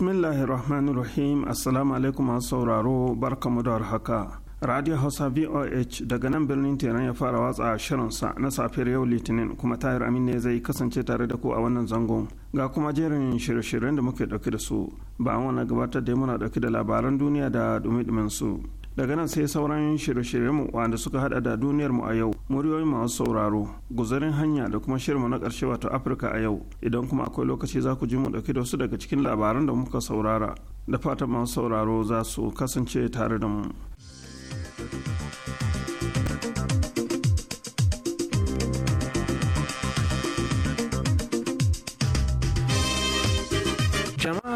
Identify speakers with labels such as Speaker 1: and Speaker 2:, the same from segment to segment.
Speaker 1: bismillahirrahmanirrahim rahim assalamu alaikum masu sauraro barkamu da haka radio hausa voh daga nan birnin teran ya fara watsa shirinsa na safiyar yau litinin kuma tahir amin ne zai kasance tare da ku a wannan zangon ga kuma jerin shirye-shiryen da muke dauke da su ba wani gabatar da muna dauke da labaran duniya da dumi dumin su daga nan sai sauran shirye-shiryenmu wanda suka hada da duniyar mu a yau muryoyin masu sauraro guzarin hanya da kuma shirinmu na karshe wato afirka a yau idan kuma akwai lokaci za ku ji mu dauke da wasu daga cikin labaran da muka saurara da fatan masu sauraro za su kasance tare da mu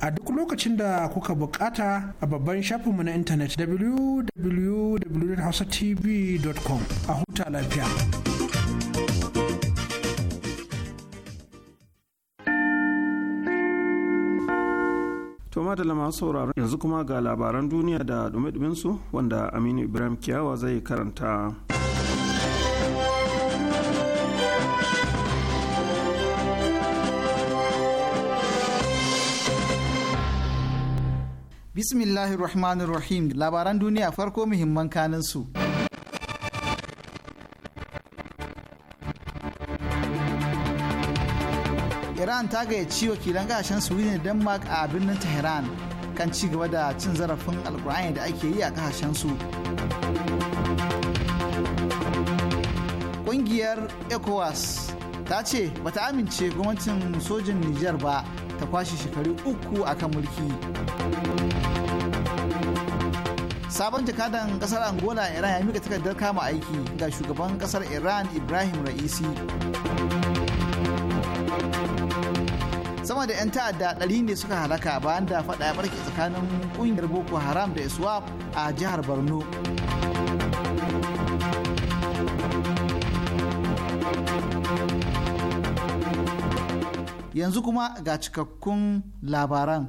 Speaker 2: a duk lokacin da kuka bukata a babban shafinmu na intanet www.hausatv.com a huta lafiya.
Speaker 1: To da masu sauraron yanzu kuma ga labaran duniya da dumi su wanda Aminu Ibrahim Kiyawa zai karanta.
Speaker 3: Bismillahirrahmanirrahim labaran duniya farko muhimman kanin su. Iran ta gayyaci wakilan gashen Sweden da Denmark a birnin Tehran kan ci gaba da cin zarafin alkur'ani da ake yi a kasashen su. Ƙungiyar ECOWAS ta ce bata amince gwamnatin sojin Nijar ba ta kwashe shekaru uku a kan mulki sabon jakadan kasar angola iran ya mika takardar kama aiki ga shugaban kasar iran ibrahim ra'isi sama da 'yan ta'adda ɗari ne suka halaka bayan da faɗa ya barke tsakanin ƙungiyar boko haram da iswap a jihar borno yanzu kuma ga cikakkun labaran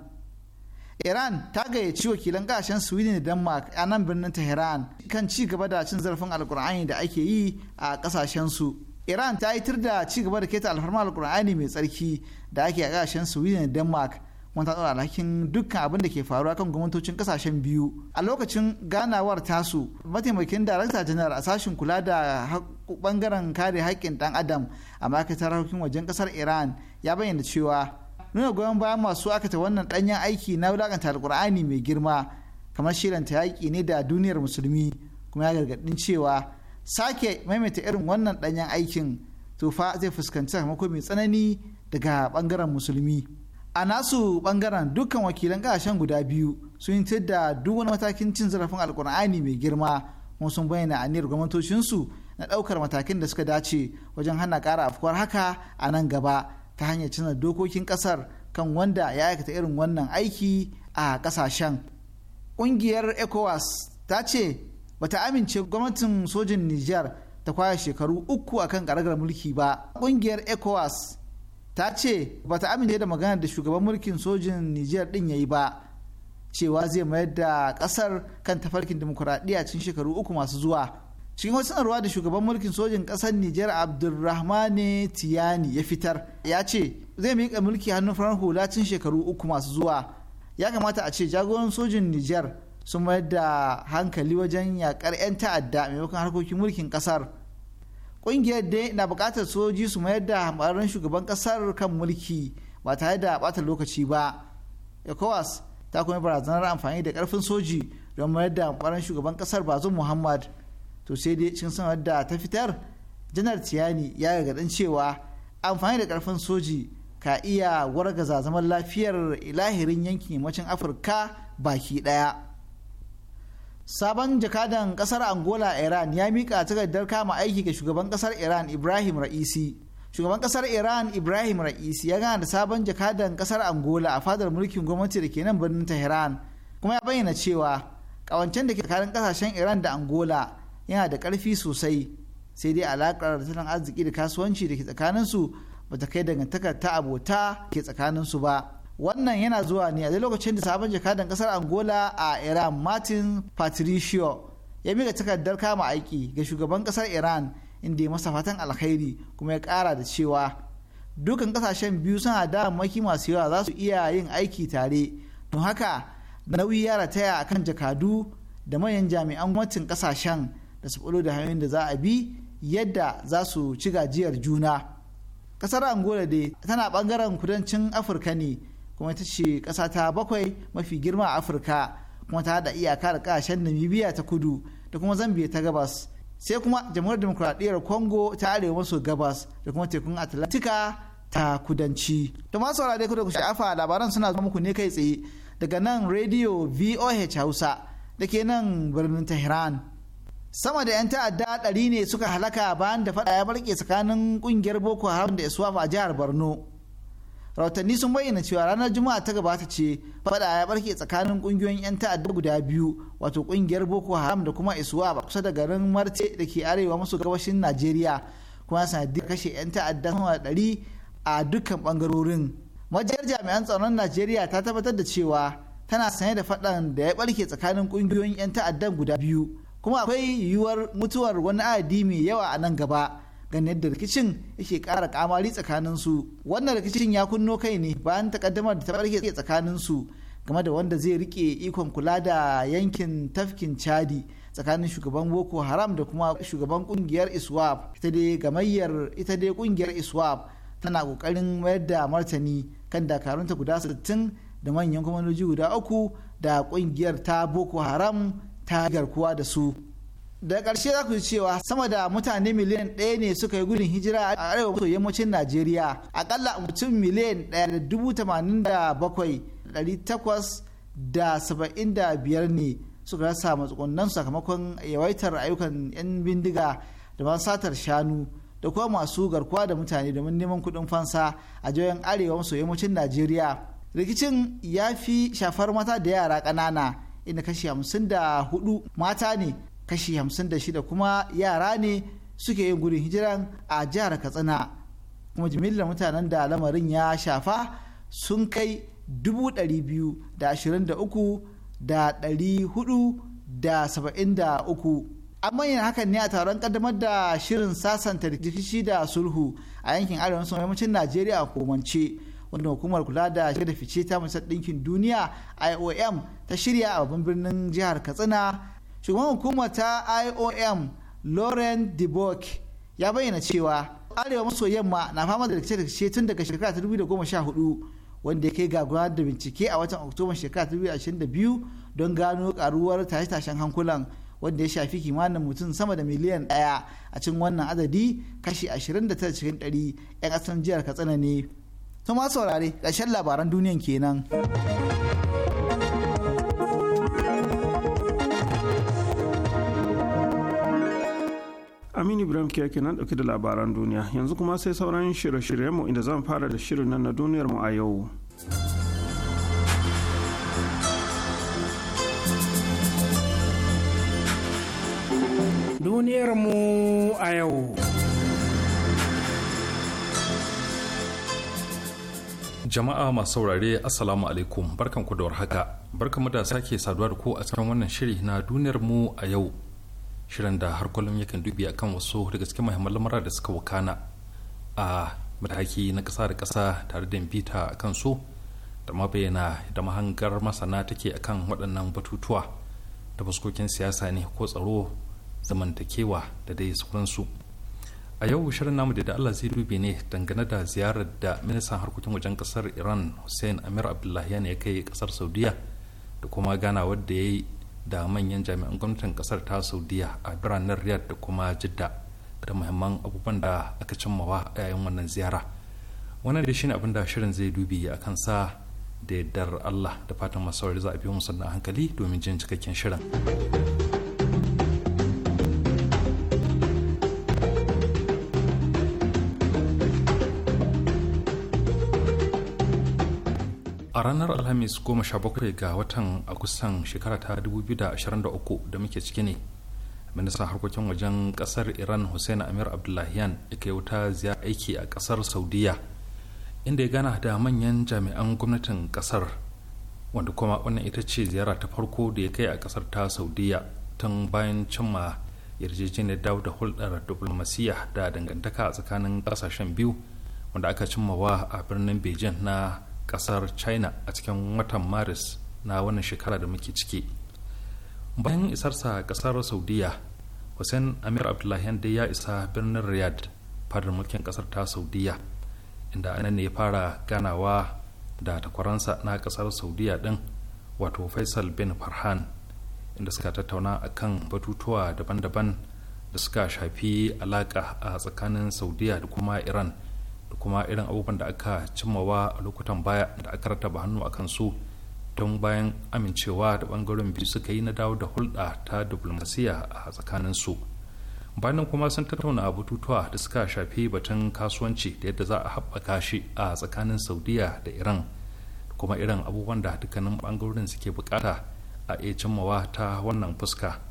Speaker 3: iran ta gayyaci wakilan kashen sweden da denmark a nan birnin tehran kan ci gaba da cin zarafin alkur'ani da ake yi a kasashen su. iran ta yi da ci gaba da keta alfarma alkur'ani mai tsarki da ake a kasashen sweden da denmark wata ta alhakin dukkan abin da ke faruwa kan gwamnatocin kasashen biyu a lokacin ganawar tasu mataimakin darakta janar a sashen kula da bangaren kare haƙƙin ɗan adam a ma'aikatar harkokin wajen ƙasar iran ya bayyana cewa nuna goyon bayan masu akata wannan ɗanyen aiki na wulaƙanta alƙurani mai girma kamar shiranta yaƙi ne da duniyar musulmi kuma ya gargaɗin cewa sake maimaita irin wannan ɗanyen aikin tufa zai fuskanci sakamako mai tsanani daga ɓangaren musulmi a nasu ɓangaren dukkan wakilan ƙasashen guda biyu sun yi da duk wani matakin cin zarafin alkur'ani mai girma kuma sun bayyana aniyar gwamnatocinsu na ɗaukar matakin da suka dace wajen hana ƙara afkuwar haka a nan gaba ta hanyar canza dokokin ƙasar kan wanda ya aikata irin wannan aiki a ƙasashen. Ƙungiyar ECOWAS ta ce bata amince gwamnatin sojin Nijar ta kwaya shekaru uku akan karagar mulki ba. Ƙungiyar ECOWAS ta ce bata amince da magana da shugaban mulkin sojin Nijar din yayi ba cewa zai mayar da ƙasar kan tafarkin dimokuraɗiyya cikin shekaru uku masu zuwa cikin wasu sanarwa da shugaban mulkin sojin ƙasar Nijar Abdulrahmane Tiyani ya fitar ya ce zai miƙa mulki hannun farar hula tun shekaru uku masu zuwa ya kamata a ce jagoran sojin Nijar sun mayar da hankali wajen yakar 'yan ta'adda maimakon harkokin mulkin ƙasar ƙungiyar dai na buƙatar soji su mayar da hamararren shugaban ƙasar kan mulki ba tare da bata lokaci ba ecowas ta kuma barazanar amfani da ƙarfin soji don mayar da hamararren shugaban ƙasar bazum muhammad to sai dai cikin sanar da ta fitar janar tiyani ya gargaɗin cewa amfani da karfin soji ka iya wargaza zaman lafiyar ilahirin yankin yammacin afirka baki ɗaya sabon jakadan kasar angola iran ya mika takardar kama aiki ga shugaban kasar iran ibrahim ra'isi shugaban kasar iran ibrahim ra'isi ya gana da sabon jakadan kasar angola a fadar mulkin gwamnati da ke nan birnin tehran kuma ya bayyana cewa kawancen da ke tsakanin kasashen iran da angola yana da ƙarfi sosai sai dai alaƙar tattalin arziki da kasuwanci da ke tsakaninsu ba ta kai dangantakar ta abota ke tsakanin su ba wannan yana zuwa ne a lokacin da sabon jakadan ƙasar angola a iran martin patricio ya miƙa takardar kama aiki ga shugaban ƙasar iran inda ya masa fatan alkhairi kuma ya kara da cewa dukan kasashen biyu suna da maki masu yawa za su iya yin aiki tare don haka nauyi ya rataya akan jakadu da manyan jami'an gwamnatin ƙasashen. da su da hanyoyin da za a bi yadda za su ci gajiyar juna kasar angola dai tana bangaren kudancin afirka ne kuma ita ce kasa ta bakwai mafi girma a afirka kuma ta hada iyaka da kasashen namibia ta kudu da kuma zambia ta gabas sai kuma jamhuriyar demokuraɗiyyar congo ta arewa maso gabas da kuma tekun atlantika ta kudanci da masu saurare da ku sha'afa labaran suna zama muku ne kai tsaye daga nan radio voh hausa da ke nan birnin tehran sama da 'yan ta'adda ɗari ne suka halaka bayan da faɗa ya barke tsakanin ƙungiyar boko haram da iswaf a jihar borno rahotanni sun bayyana cewa ranar juma'a ta gabata ce faɗa ya barke tsakanin ƙungiyoyin 'yan ta'adda guda biyu wato ƙungiyar boko haram da kuma iswaf a kusa da garin marte da ke arewa maso gabashin najeriya kuma sanadiyar kashe 'yan ta'adda sama da ɗari a dukkan bangarorin. majiyar jami'an tsaron najeriya ta tabbatar da cewa tana sanye da faɗan da ya barke tsakanin ƙungiyoyin 'yan ta'adda guda biyu kuma akwai yiwuwar mutuwar wani adadi mai yawa a nan gaba ganin yadda rikicin yake kara kamari tsakanin su wannan rikicin ya kunno kai ne bayan takaddamar da ta barke tsakanin su game da wanda zai rike ikon kula da yankin tafkin chadi tsakanin shugaban boko haram da kuma shugaban kungiyar iswap ita dai gamayyar ita dai kungiyar iswap tana kokarin mayar da martani kan dakarunta guda 60 da manyan kwamanoji guda uku da kungiyar ta boko haram ta garkuwa da su da ƙarshe za ku ji cewa sama da mutane miliyan ɗaya ne suka yi gudun hijira a arewa maso yammacin najeriya akalla mutum miliyan ɗaya da dubu tamanin da bakwai ɗari takwas da saba'in da biyar ne suka rasa matsugunan sakamakon yawaitar ayyukan 'yan bindiga da masu satar shanu da kuma masu garkuwa da mutane domin neman kuɗin fansa a jiyoyin arewa maso yammacin najeriya rikicin ya fi shafar mata da yara ƙanana inda kashi hamsin da hudu mata ne kashi hamsin da shida kuma yara ne suke yin gudun hijiran a jihar katsina kuma jimillar mutanen da lamarin ya shafa sun kai dubu ɗari biyu da ashirin da uku da ɗari hudu da saba'in da uku an bayyana hakan ne a taron kaddamar da shirin sasanta rikici da sulhu a yankin arewa maso yammacin najeriya a komance wanda hukumar kula da shirin fice ta musar ɗinkin duniya iom ta shirya a babban birnin jihar katsina shugaban hukumar ta iom lauren dubok ya bayyana cewa arewa maso yamma na fama da rikice-rikice tun daga shekara ta 2014 wanda ya kai ga da bincike a watan oktoba shekara ta 2022 don gano karuwar tashe-tashen hankulan wanda ya shafi kimanin mutum sama da miliyan daya a cikin wannan adadi kashi 29 cikin 100 'yan asalin jihar katsina ne. Tuma saurare ƙarshen labaran duniyan kenan. Aminu
Speaker 1: Ibrahim ke nan dauke da labaran duniya yanzu kuma sai sauran shirye mu inda zan fara da shirin nan na duniyar mu a yau. Duniyar mu a
Speaker 2: yau.
Speaker 4: Jama'a masu saurare Assalamu alaikum barkan da warhaka barkan da sake saduwa da ku a cikin wannan shiri na duniyar mu a yau. shirin da har kullum yakan dubi akan wasu daga cikin muhimman lamura da suka wakana a mataki na ƙasa da kasa tare da bita a kan su da ma bayyana da mahangar masana take kan waɗannan batutuwa da fuskokin siyasa ne ko tsaro zamantakewa da dai sauransu a yau shirin namu da Allah zai dubi ne dangane da ziyarar da ministan harkokin wajen kasar iran hussein amir abdullahi ya kai kasar saudiya da kuma gana wadda ya yi da manyan jami'an gwamnatin kasar ta saudiya a biranen riyadh da kuma jidda da muhimman abubuwan da aka cimmawa a yayin wannan ziyara wannan da shine abin da shirin zai dubi a sa da yardar allah da fatan masu za a biyo musamman hankali domin jin cikakken shirin a ranar alhamis goma sha 17 ga watan agustan shekara ta 2023 da muke ciki ne ministan harkokin wajen kasar iran hussein amir abdullahian ya wuta ziya aiki a kasar saudiya inda ya gana da manyan jami'an gwamnatin kasar wanda kuma wannan ita ce ziyara ta farko da ya kai a kasar ta saudiya tun bayan cimma yarjejeniyar dawo da hulɗar diplomasiyya da dangantaka tsakanin ƙasashen biyu wanda aka cimma wa a birnin beijing na kasar china a cikin watan maris na wannan shekara da muke ciki bayan isarsa kasar saudiya hussein amir abdullahi dai ya isa birnin riyadh fadar mulkin kasar ta saudiya inda anan ne ya fara ganawa da takwaransa na kasar saudiya din wato faisal bin farhan inda suka tattauna a kan batutuwa daban-daban da suka shafi alaka a tsakanin saudiya da kuma iran da kuma irin abubuwan da aka cimmawa a lokutan baya da aka rataba hannu a kansu don bayan amincewa da bangaren biyu suka yi na dawo da hulɗa ta diplomasiya a tsakanin su bayan kuma sun tattauna a bututuwa da suka shafi batun kasuwanci da yadda za a haɓaka shi a tsakanin saudiya da iran kuma irin abubuwan da dukkanin bangarorin suke bukata a iya cimmawa ta wannan fuska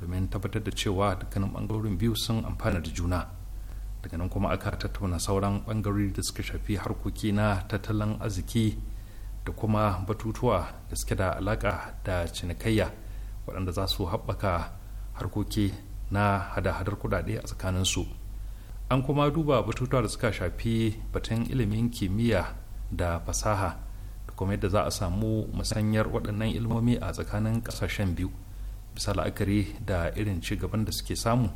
Speaker 4: domin tabbatar da cewa dukkanin bangarorin biyu sun amfana da juna daga nan kuma aka tattauna sauran bangarori da suka shafi harkoki na tattalin arziki da kuma batutuwa da suke da alaka da cinikayya waɗanda za su haɓaka harkoki na hada-hadar kudade a tsakaninsu an kuma duba batutuwa da suka shafi batun ilimin kimiyya da fasaha da kuma yadda za a samu musanyar waɗannan ilmomi a tsakanin ƙasashen biyu bisa la'akari da irin ci gaban da suke samu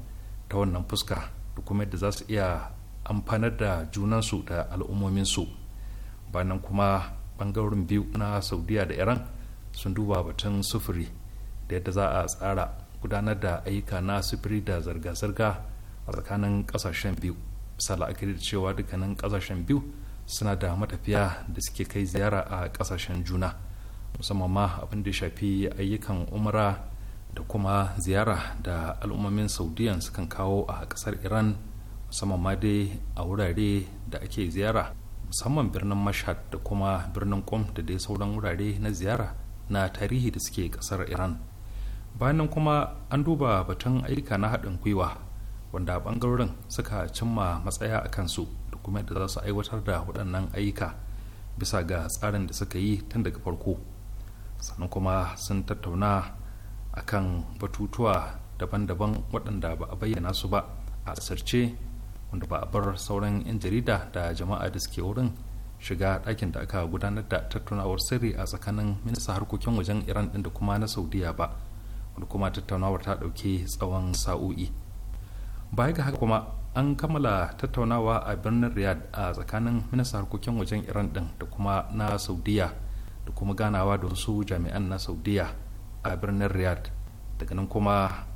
Speaker 4: ta wannan fuska da kuma yadda za su iya amfanar da junansu da al'ummominsu bayan kuma bangarorin biyu na saudiya da iran sun duba batun sufuri da yadda za a tsara gudanar da ayyuka na sufuri da zarga-zarga a tsakanin kasashen biyu bisa la'akari da cewa dukkanin kasashen biyu suna da matafiya da suke kai ziyara a kasashen juna musamman ma abin da shafi ayyukan umara da kuma ziyara da al'ummomin saudiyan sukan kawo a kasar iran musamman ma dai a wurare da ake ziyara musamman birnin mashhad da kuma birnin qom da dai sauran wurare na ziyara na tarihi da suke kasar iran bayan kuma an duba batun ayyuka na haɗin gwiwa wanda ɓangarorin suka cimma matsaya a kansu da kuma da za su aiwatar da waɗannan ayyuka bisa ga tsarin da suka yi tun daga farko sannan kuma sun tattauna akan batutuwa daban-daban waɗanda ba a bayyana su ba a asirce wanda ba a bar sauran 'yan jarida da jama'a da suke wurin shiga ɗakin da aka gudanar da tattaunawar sirri a tsakanin minista harkokin wajen iran ɗin da kuma na saudiya ba wanda kuma tattaunawar ta ɗauke tsawon sa'o'i baya ga haka kuma an kammala tattaunawa a birnin riyadh a tsakanin minista harkokin wajen iran ɗin da kuma na saudiya da kuma ganawa da wasu jami'an na saudiya a birnin riyadh daga nan kuma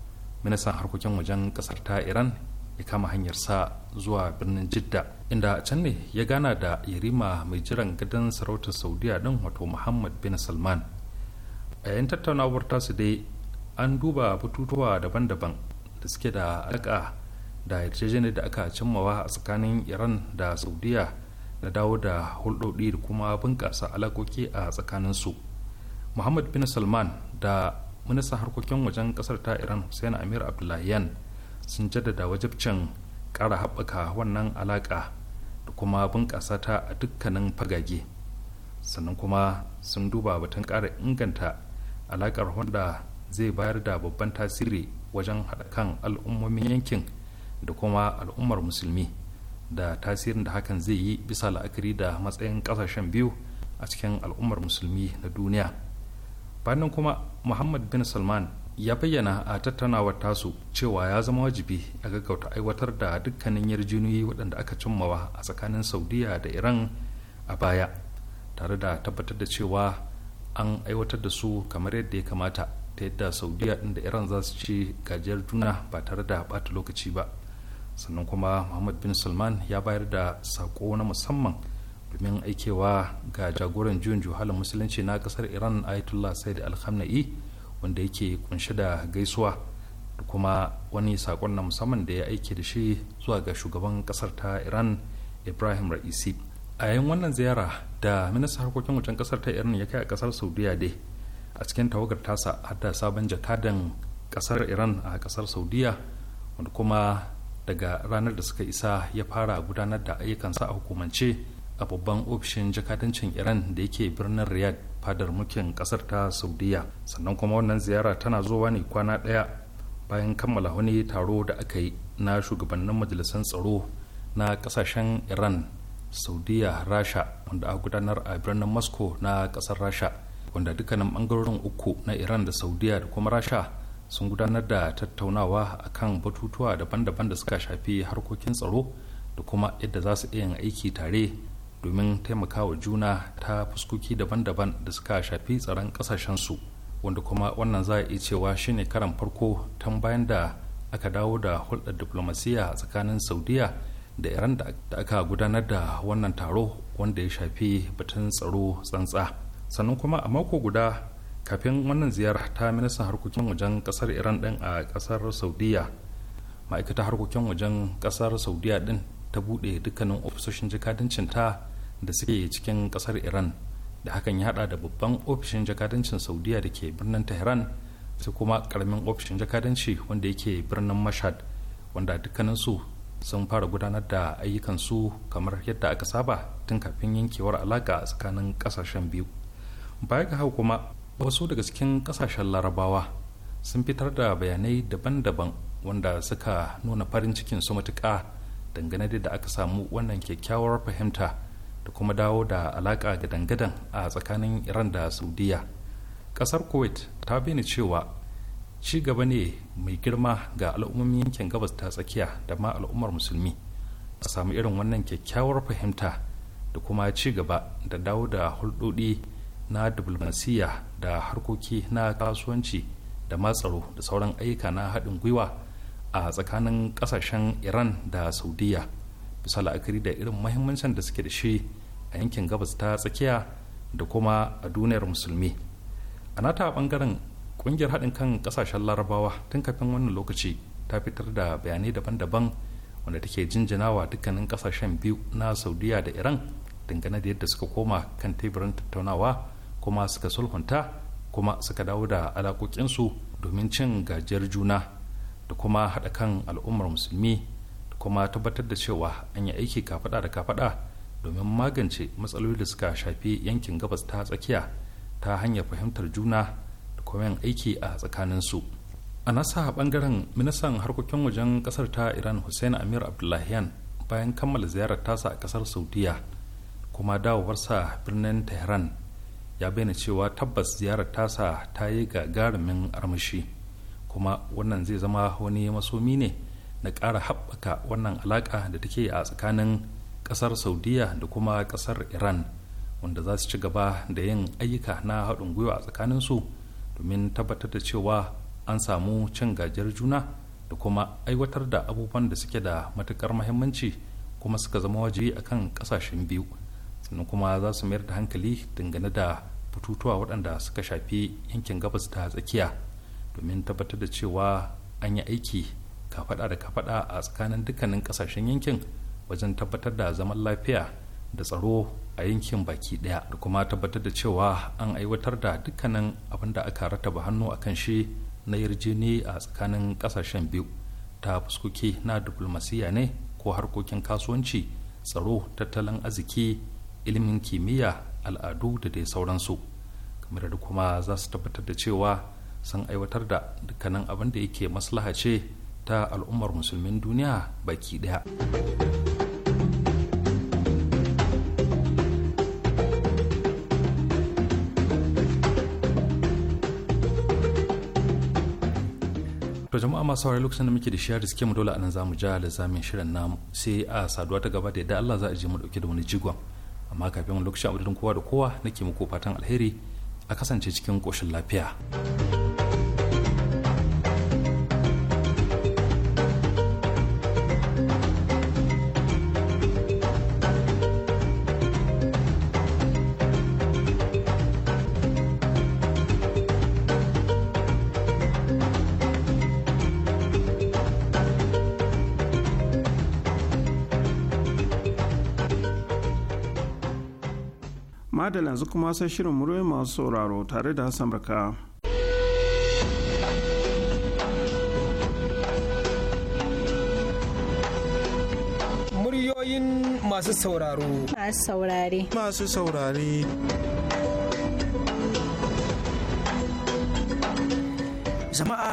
Speaker 4: ministan harkokin wajen kasar ta iran ya kama sa zuwa birnin jidda inda can ne ya gana da yarima mai jiran gadon sarautar saudiya din wato muhammad bin salman a yayin tattaunawar tasu dai an duba batutuwa daban-daban da suke da alaƙa da yarjejeniyar da aka cimmawa a tsakanin iran da saudiya da dawo da hulɗoɗi da kuma bunƙasa alaƙoƙi a tsakaninsu muhammad bin salman da ministan harkokin wajen kasar ta iran hussein amir abdullahiyan sun jaddada wajibcin kara haɓaka wannan alaƙa da kuma bunƙasa ta a dukkanin fagage sannan kuma sun duba batun ƙara inganta alaƙar wanda zai bayar da babban tasiri wajen haɗa kan al'ummomin yankin da kuma al'ummar musulmi da tasirin da hakan zai yi bisa la'akari da matsayin ƙasashen biyu a cikin al'ummar musulmi na duniya fannin kuma muhammad bin salman ya bayyana a tattaunawar tasu cewa ya zama wajibi a gaggauta aiwatar da dukkanin yarjiniyoyi waɗanda aka cimmawa a tsakanin saudiya da iran a baya tare da tabbatar da cewa an aiwatar da su kamar yadda ya kamata ta yadda saudiya din da iran za su ci gajiyar juna ba tare da ɓata lokaci ba sannan kuma muhammad bin salman ya bayar da sako na musamman domin aikewa ga jagoran juyin juhalin musulunci na kasar iran ayatollah said alhamna'i wanda yake kunshi da gaisuwa da kuma wani sakon na musamman da ya aike da shi zuwa ga shugaban kasar ta iran ibrahim ra'isi a yayin wannan ziyara da ministan harkokin wajen kasar ta iran ya kai a kasar saudiya dai a cikin tawagar tasa hadda sabon jakadan kasar iran a kasar saudiya wanda kuma daga ranar da suka isa ya fara gudanar da ayyukansa a hukumance a babban ofishin jakadancin iran da yake birnin riyadh fadar mulkin kasar ta saudiya sannan kuma wannan ziyara tana zuwa ne kwana ɗaya bayan kammala wani taro da aka yi na shugabannin majalisar tsaro na kasashen iran saudiya rasha wanda aka gudanar a birnin moscow na kasar rasha wanda dukkanin bangarorin uku na iran da saudiya da kuma rasha sun gudanar da tattaunawa a kan batutuwa daban-daban da suka shafi harkokin tsaro da kuma yadda za su iya yin aiki tare domin taimakawa juna ta fuskoki daban-daban da suka shafi tsaron ƙasashensu wanda kuma wannan za a iya cewa shine karan farko tan bayan da aka dawo da hulɗar diplomasiya tsakanin saudiya da iran da aka gudanar da wannan taro wanda ya shafi batun tsaro tsantsa sannan kuma a mako guda kafin wannan ziyara ta ministan harkokin wajen kasar iran din a kasar saudiya ma'aikatar harkokin wajen kasar saudiya din ta buɗe dukkanin ofisoshin jakadancin ta da suke cikin ƙasar iran da hakan ya hada da babban ofishin jakadancin saudiya da ke birnin tehran sai kuma karamin ofishin jakadanci wanda yake birnin mashad wanda dukkaninsu sun fara gudanar da ayyukansu kamar yadda aka saba tun kafin yankewar alaka tsakanin kasashen biyu baya ga hau kuma wasu daga cikin kasashen larabawa sun fitar da bayanai daban-daban wanda suka nuna farin cikin su matuƙa dangane da aka samu wannan kyakkyawar fahimta da kuma dawo da alaka ga dangadan a tsakanin iran da saudiya kasar kuwait ta bini cewa ci gaba ne mai girma ga al'ummomin yankin gabas ta tsakiya da ma al'ummar musulmi a samu irin wannan kyakkyawar fahimta da kuma ci gaba da dawo da hulɗoɗi na diplomasiyya da harkoki na kasuwanci da matsaro da sauran ayyuka na haɗin gwiwa a tsakanin kasashen iran da saudiya bisa la'akari da irin mahimmancin da suke da shi a yankin gabas ta tsakiya da kuma a duniyar musulmi a nata bangaren kungiyar haɗin kan kasashen larabawa tun kafin wannan lokaci ta fitar da bayanai daban-daban wanda take jinjinawa dukkanin kasashen biyu na saudiya da iran dangane da yadda suka koma kan teburin tattaunawa kuma suka sulhunta kuma suka dawo da alaƙoƙinsu domin cin gajiyar juna da kuma haɗa kan al'ummar musulmi da kuma tabbatar da cewa an yi aiki kafaɗa da kafaɗa domin magance matsaloli da suka shafi yankin gabas ta tsakiya ta hanyar fahimtar juna da kuma yin aiki a tsakaninsu a nasa ɓangaren ministan harkokin wajen kasar ta iran hussein amir abdullahian bayan kammala ziyarar tasa a ƙasar saudiya kuma dawowarsa birnin tehran ya bayyana cewa tabbas ziyarar tasa ta yi gagarumin armashi kuma wannan zai zama wani masomi ne na ƙara haɓaka wannan alaƙa da take a tsakanin ƙasar saudiya da kuma ƙasar iran wanda za su ci gaba da yin ayyuka na haɗin gwiwa a tsakaninsu domin tabbatar da cewa an samu cin gajiyar juna da kuma aiwatar da abubuwan da suke da matuƙar mahimmanci kuma suka zama wajibi a kan ƙasashen biyu sannan kuma za su mayar da hankali dangane da bututuwa waɗanda suka shafi yankin gabas ta tsakiya domin tabbatar da cewa an yi aiki kafada da kafada a tsakanin dukkanin kasashen yankin wajen tabbatar da zaman lafiya da tsaro a yankin baki daya da kuma tabbatar da cewa an aiwatar da dukkanin abin da aka rataba hannu a kan shi na yarjini a tsakanin kasashen biyu ta fuskoki na diplomasiya ne ko harkokin kasuwanci tsaro tattalin arziki ilimin kimiyya al'adu da dai sauransu kamar da kuma za su tabbatar da cewa sun aiwatar da dukkanin abin da yake maslaha ce ta al'ummar musulmin duniya baki daya to jama'a masu saurari lokacin da muke da shiyar riske mu dole a za zamu ja lizamin shirin namu sai a saduwa ta gaba da yadda Allah za a je mu dauke da wani jigon amma kafin lokacin abudin kowa da kowa nake muku fatan alheri a kasance cikin koshin lafiya.
Speaker 1: madal yanzu kuma sai shirin muryoyi masu sauraro tare da hassan barka
Speaker 5: muryoyin masu sauraro
Speaker 6: masu saurare masu
Speaker 7: saurare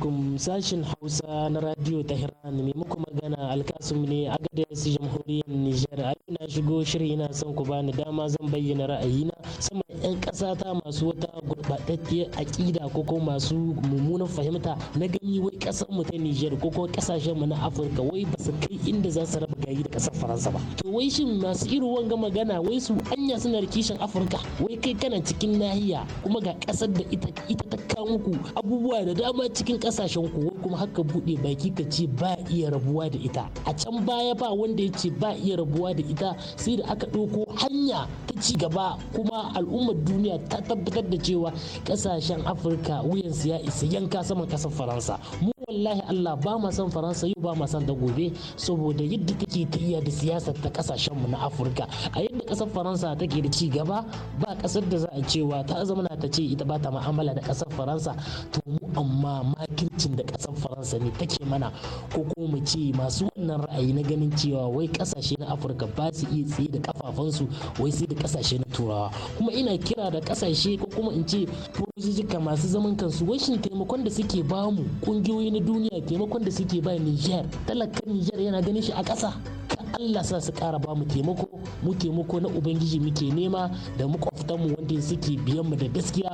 Speaker 8: alaikum sashin Hausa na Radio Tehran mai muku magana alkasum ne a agadez jamhuriyar Nijar. A na shigo shiri ina son ku bani dama zan bayyana ra'ayina sama 'yan ƙasa ta masu wata gurɓatacciyar aƙida ko ko masu mummunan fahimta na gani wai ƙasar mu ta Nijar ko ko ƙasashen mu na Afirka wai ba su kai inda za su raba gari da kasar Faransa ba. To wai shin masu irin wanga magana wai su anya suna rikishin Afirka wai kai kana cikin nahiya kuma ga kasar da ita ita ta haramta muku abubuwa da dama cikin kasashen ku kuma haka bude baki ka ce ba iya rabuwa da ita a can baya ba wanda ya ce ba iya rabuwa da ita sai da aka ɗauko hanya ta ci gaba kuma al'ummar duniya ta tabbatar da cewa kasashen afirka wuyansu ya isa yanka saman kasar faransa mu wallahi Allah ba ma san Faransa yau ba ma san da gobe saboda yadda take tafiya da siyasar ta kasashen mu na Afirka a yadda kasar Faransa take da ci gaba ba kasar da za a cewa ta zamana ta ce ita ba ta mu'amala da kasar Faransa to mu amma makincin da kasar Faransa ne take mana ko ko mu ce masu wannan ra'ayi na ganin cewa wai kasashe na Afirka ba su iya tsaye da kafafunsu wai sai da kasashe na Turawa kuma ina kira da kasashe ko kuma in ce furojijika masu zaman kansu wai shin taimakon da suke bamu kungiyoyi na na duniya taimakon da suke ba Nijar talakan Nijar yana ganin shi a ƙasa Allah sa su kara ba mu taimako mu taimako na ubangiji muke nema da makwabtanmu wanda suke biyan mu da gaskiya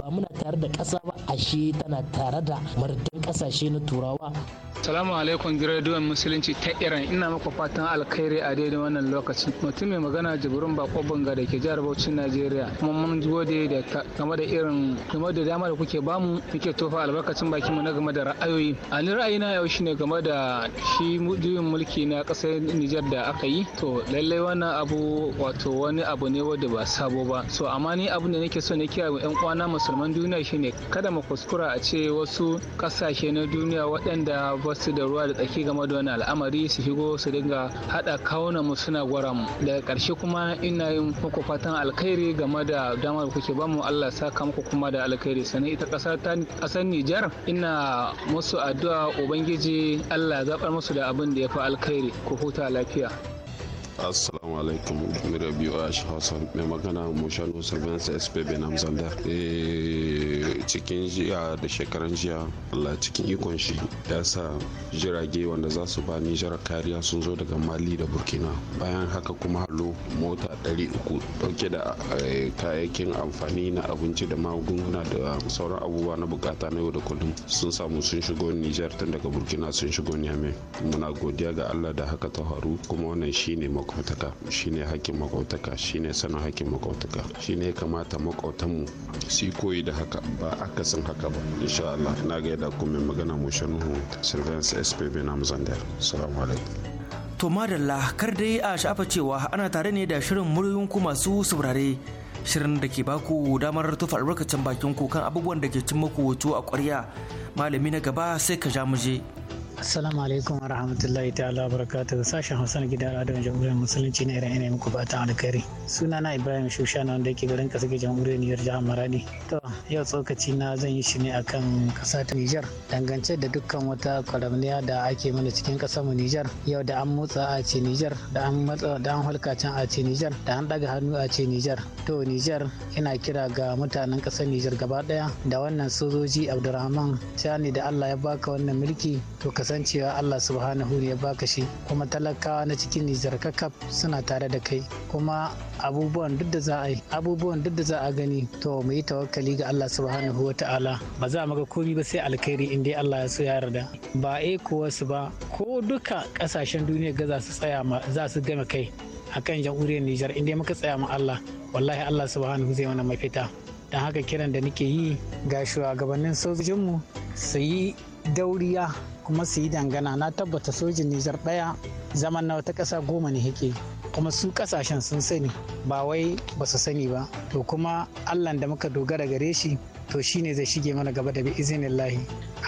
Speaker 8: ba muna tare da ƙasa ba ashe tana tare da mardan ƙasashe na turawa
Speaker 5: Salamu alaikum giradiyar musulunci ta Iran ina maka fatan alkhairi a daidai wannan lokaci mutum mai magana jibrin bako banga da ke jihar Bauchi Najeriya kuma mun gode da game da irin game da dama da kuke bamu muke tofa albarkacin bakin mu na game da ra'ayoyi alaihi ali ra'ayina yau shine game da shi juyin mulki na kasar Nijar da aka yi to lallai wannan abu wato wani abu ne wanda ba sabo ba so amma ni abin da nake so ne kira yan kwana musulman duniya shine kada mu kuskura a ce wasu kasashe na duniya waɗanda ba su da ruwa da tsaki game da wani al'amari su shigo su dinga haɗa kawunan mu suna gwara mu daga karshe kuma ina yin muku fatan alkhairi game da damar kuke bamu Allah saka muku kuma da alkhairi sanin ita kasar ta ƙasar Nijar ina musu addu'a ubangiji Allah ya zaɓar musu da abin da ya fi alkhairi ku huta lafiya
Speaker 1: assalamu alaikum murya biyu a shi hausa mai magana mushan usulvensa sp benam eh, cikin jiya da shekaran jiya allah cikin ikon shi ya sa jirage wanda za su ba nijar kariya sun zo daga mali da burkina bayan haka kuma halo mota 300 dauke da eh, kayayyakin amfani na abinci da magunguna da sauran abubuwa na bukata na yau da kullum sun samu sun shigo nijar tun daga burkina sun shigo niamey muna godiya ga allah da haka ta faru kuma wannan shine makwataka shine hakkin makwataka shine sanin hakkin makwataka shine ya kamata makwatan mu su koyi da haka ba akasin haka ba insha Allah na ga yadda kuma magana mu shanuhu surveillance SPB na Mozambique assalamu alaikum
Speaker 7: To madalla kar dai a sha'afa cewa ana tare ne da shirin muryoyin ku masu saurare shirin da ke baku damar tufa albarkacin bakin ku kan abubuwan da ke cin muku a kwarya malami na gaba sai ka ja muje.
Speaker 9: Assalamu alaikum wa rahmatullahi ta'ala da sashen Hausa na gidan radon jamhuriyar musulunci na irin ina ba ta alkhairi. Suna na Ibrahim Shushana wanda yake garin kasar jamhuriyar niyar jihar Maradi. To yau tsokaci na zan yi shi ne akan kasa ta Nijar dangance da dukkan wata kwaramniya da ake mana cikin kasar mu Nijar yau da an motsa a ce Nijar da an matsa da an halka can a ce Nijar da an daga hannu a ce Nijar. To Nijar ina kira ga mutanen kasar Nijar gaba daya da wannan sojoji Abdulrahman Chani da Allah ya baka wannan mulki to san cewa Allah subhanahu ya baka shi kuma talakawa na cikin Nijar kakaf suna tare da kai kuma abubuwan duk da za a yi abubuwan duk da za a gani to mu yi tawakkali ga Allah subhanahu wa ta'ala ba za mu ga komai ba sai alkhairi in dai Allah ya so ya yarda ba eh kuwa su ba ko duka kasashen duniya ga za su tsaya ma za su gama kai akan jamhuriyar Nijar in dai muka tsaya ma Allah wallahi Allah subhanahu zai mana mafita dan haka kiran da nake yi ga shugabannin sojojinmu su yi dauriya kuma su yi dangana na tabbata sojin nijar ɗaya zaman na wata ƙasa goma ne yake kuma su ƙasashen sun sani ba wai ba su sani ba to kuma allah da muka dogara gare shi to shine zai shige mana gaba da bi izinin lahi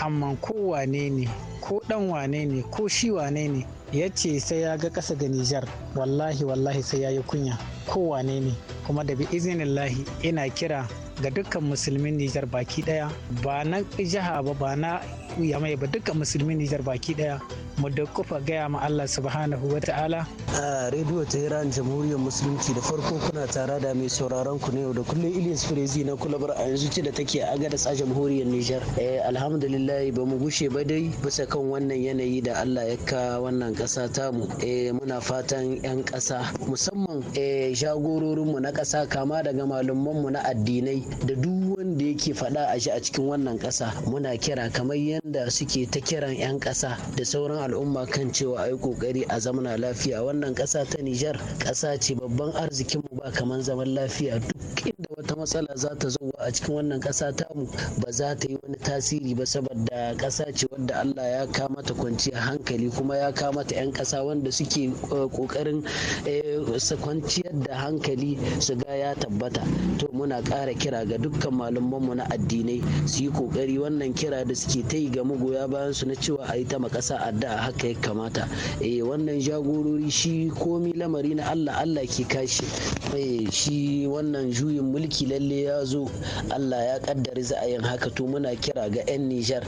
Speaker 9: amma ko wane ne ko dan wane ne ko shi wane ne ya ce sai ya ga ƙasa da Nijar wallahi wallahi sai ya yi kunya ko wane ne kuma da bi lahi ina kira ga dukkan musulmin Nijar baki ɗaya ba na jiha ba ba na ya mai ba dukkan musulmi Nijar baki daya mu da kufa gaya ma Allah subhanahu wa ta'ala.
Speaker 10: A rediyo ta Iran jamhuriyar musulunci da farko kuna tara da mai sauraron ku ne da kullum Ilyas Firezi na kulabar a yanzu ce da take a gadas a jamhuriyar Nijar. Eh, alhamdulillah ba mu gushe ba dai bisa kan wannan yanayi da Allah ya ka wannan kasa tamu. Eh, muna fatan 'yan kasa musamman eh, jagororin mu na kasa kama daga mu na addinai da duk wanda yake faɗa a shi a cikin wannan kasa muna kira kamar da suke ta kiran 'yan kasa da sauran al'umma kan cewa ai kokari a zamana lafiya wannan kasa ta Nijar ƙasa ce babban arzikinmu ba kamar zaman lafiya duk inda wata matsala za ta zo a cikin wannan kasa ta tamu ba za ta yi wani tasiri ba saboda ƙasa ce wadda Allah ya ta kwanciya hankali kuma ya ta 'yan kasa wanda suke eh, ƙoƙarin eh, kwanciyar da hankali su ga ya tabbata to muna ƙara kira ga dukkan malamanmu na addinai su yi ƙoƙari wannan kira da suke ta yi ga magoya bayan su na cewa a yi ta makasa addu'a haka ya kamata eh wannan jagorori shi komi lamari na Allah Allah ke kashi eh shi wannan juyin mulki lalle ya zo Allah ya kaddari za a yin haka to muna kira ga 'yan Nijar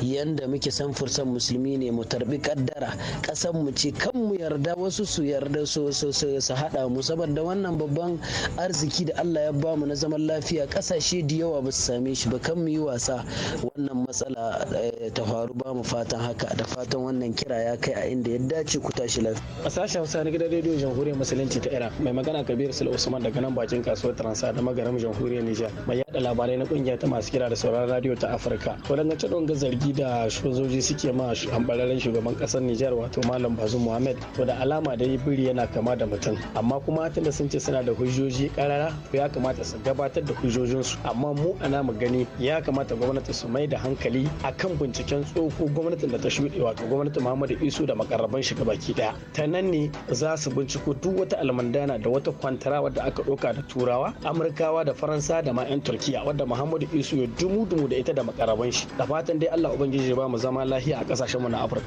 Speaker 10: yanda muke san fursan musulmi ne mu tarbi kaddara kasan mu ce kan mu yarda wasu su yarda so so su hada mu saboda wannan babban arziki da Allah ya bamu na zaman lafiya kasashe da yawa ba su same shi ba kan mu yi wasa wannan matsala eh, Eh, ta faru ba mu fatan haka da fatan wannan kira ya kai a inda ya dace ku tashi lafiya. A sashen Hausa na gidan rediyo Jamhuriyar Musulunci ta Iran mai magana Kabir Sule Usman daga nan bakin kasuwar Transa da magaram Jamhuriyar Nijar mai yada labarai na kungiya ta masu kira da sauran radio ta Afirka. Wadangance don ga zargi da sojoji suke ma ambararren shugaban kasar Nijar wato Malam Bazoum Mohammed to da alama da biri yana kama da mutum amma kuma tunda sun ce suna da hujjoji karara to ya kamata su gabatar da hujjojinsu amma mu ana mu gani ya kamata gwamnati su mai da hankali akan binciken tsoho gwamnatin da ta shuɗe wato gwamnatin Muhammadu Isu da makarraban shi baki daya. Ta nan ne za su binciko duk wata almandana da wata kwantara wadda aka ɗauka da Turawa, Amurkawa da Faransa da ma 'yan Turkiya wadda Muhammadu Isu ya dumu-dumu da ita da makarraban shi. Da fatan dai Allah Ubangiji ya ba mu zama lahiya a kasashenmu na Afirka.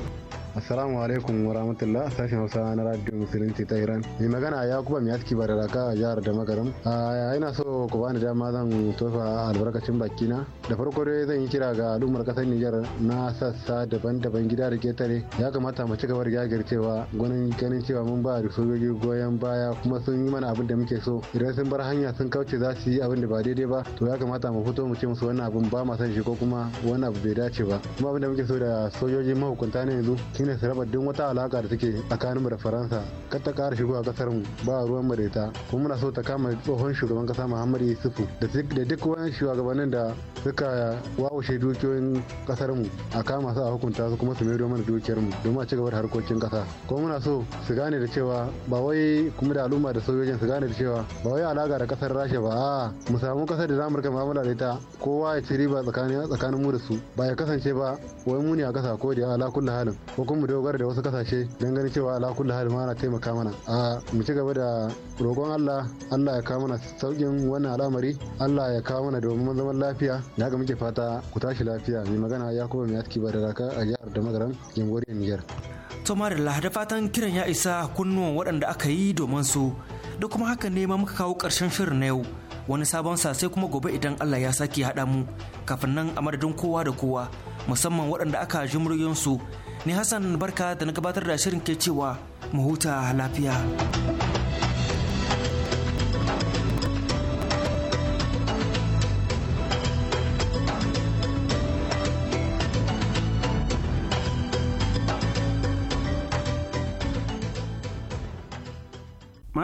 Speaker 11: Assalamu alaikum wa rahmatullah sashen Hausa na Radio Musulunci ta Iran. Mai magana ya kuma mai aski bararaka a jihar da magaram. ina so ku bani dama zan tofa albarkacin bakina. Da farko dai zan yi kira ga al'ummar kasar Nijar na sassa daban-daban gida da ketare ya kamata mu ci gaba da jajircewa gwanin ganin cewa mun ba da sojoji goyon baya kuma sun yi mana abin da muke so idan sun bar hanya sun kauce za su yi abin da ba daidai ba to ya kamata mu fito mu ce musu wannan abin ba ma san shi ko kuma wani abu bai dace ba kuma abin da muke so da sojoji mahukunta ne yanzu shine su raba duk wata alaka da take tsakanin mu da faransa kar ta kara shigo a kasar mu ba ruwan mu kuma muna so ta kama tsohon shugaban kasa muhammadu yusufu da duk wani shugabannin da suka wawashe dukiyoyin kasar mu a kama su a hukunta su kuma su mai mana dukiyar mu domin a ci gaba da harkokin kasa kuma muna so su gane da cewa ba wai kuma da al'umma da sojojin su gane da cewa ba wai alaka da kasar rasha ba a mu samu kasar da zamu rika mu'amala da ita kowa ya ci riba tsakanin tsakanin mu da su ba ya kasance ba wai mu ne a kasa ko da ala kullu halin ko kuma mu dogara da wasu kasashe don ganin cewa ala kullu halin ma ana taimaka mana a mu ci gaba da roƙon Allah Allah ya kawo mana sauƙin wannan al'amari Allah ya kawo mana domin zaman lafiya ya ga muke fata ku tashi lafiya mai magana ya yakubu mai bada raka a jihar da magaran jamhuriyar niger
Speaker 7: tomar fatan kiran ya isa kunnuwan waɗanda aka yi domin su da kuma haka ne ma muka kawo ƙarshen shirin na yau wani sabon sa sai kuma gobe idan allah ya sake haɗa mu kafin nan a madadin kowa da kowa musamman waɗanda aka ji muryoyinsu ne hassan barka da na gabatar da shirin ke cewa mu huta lafiya.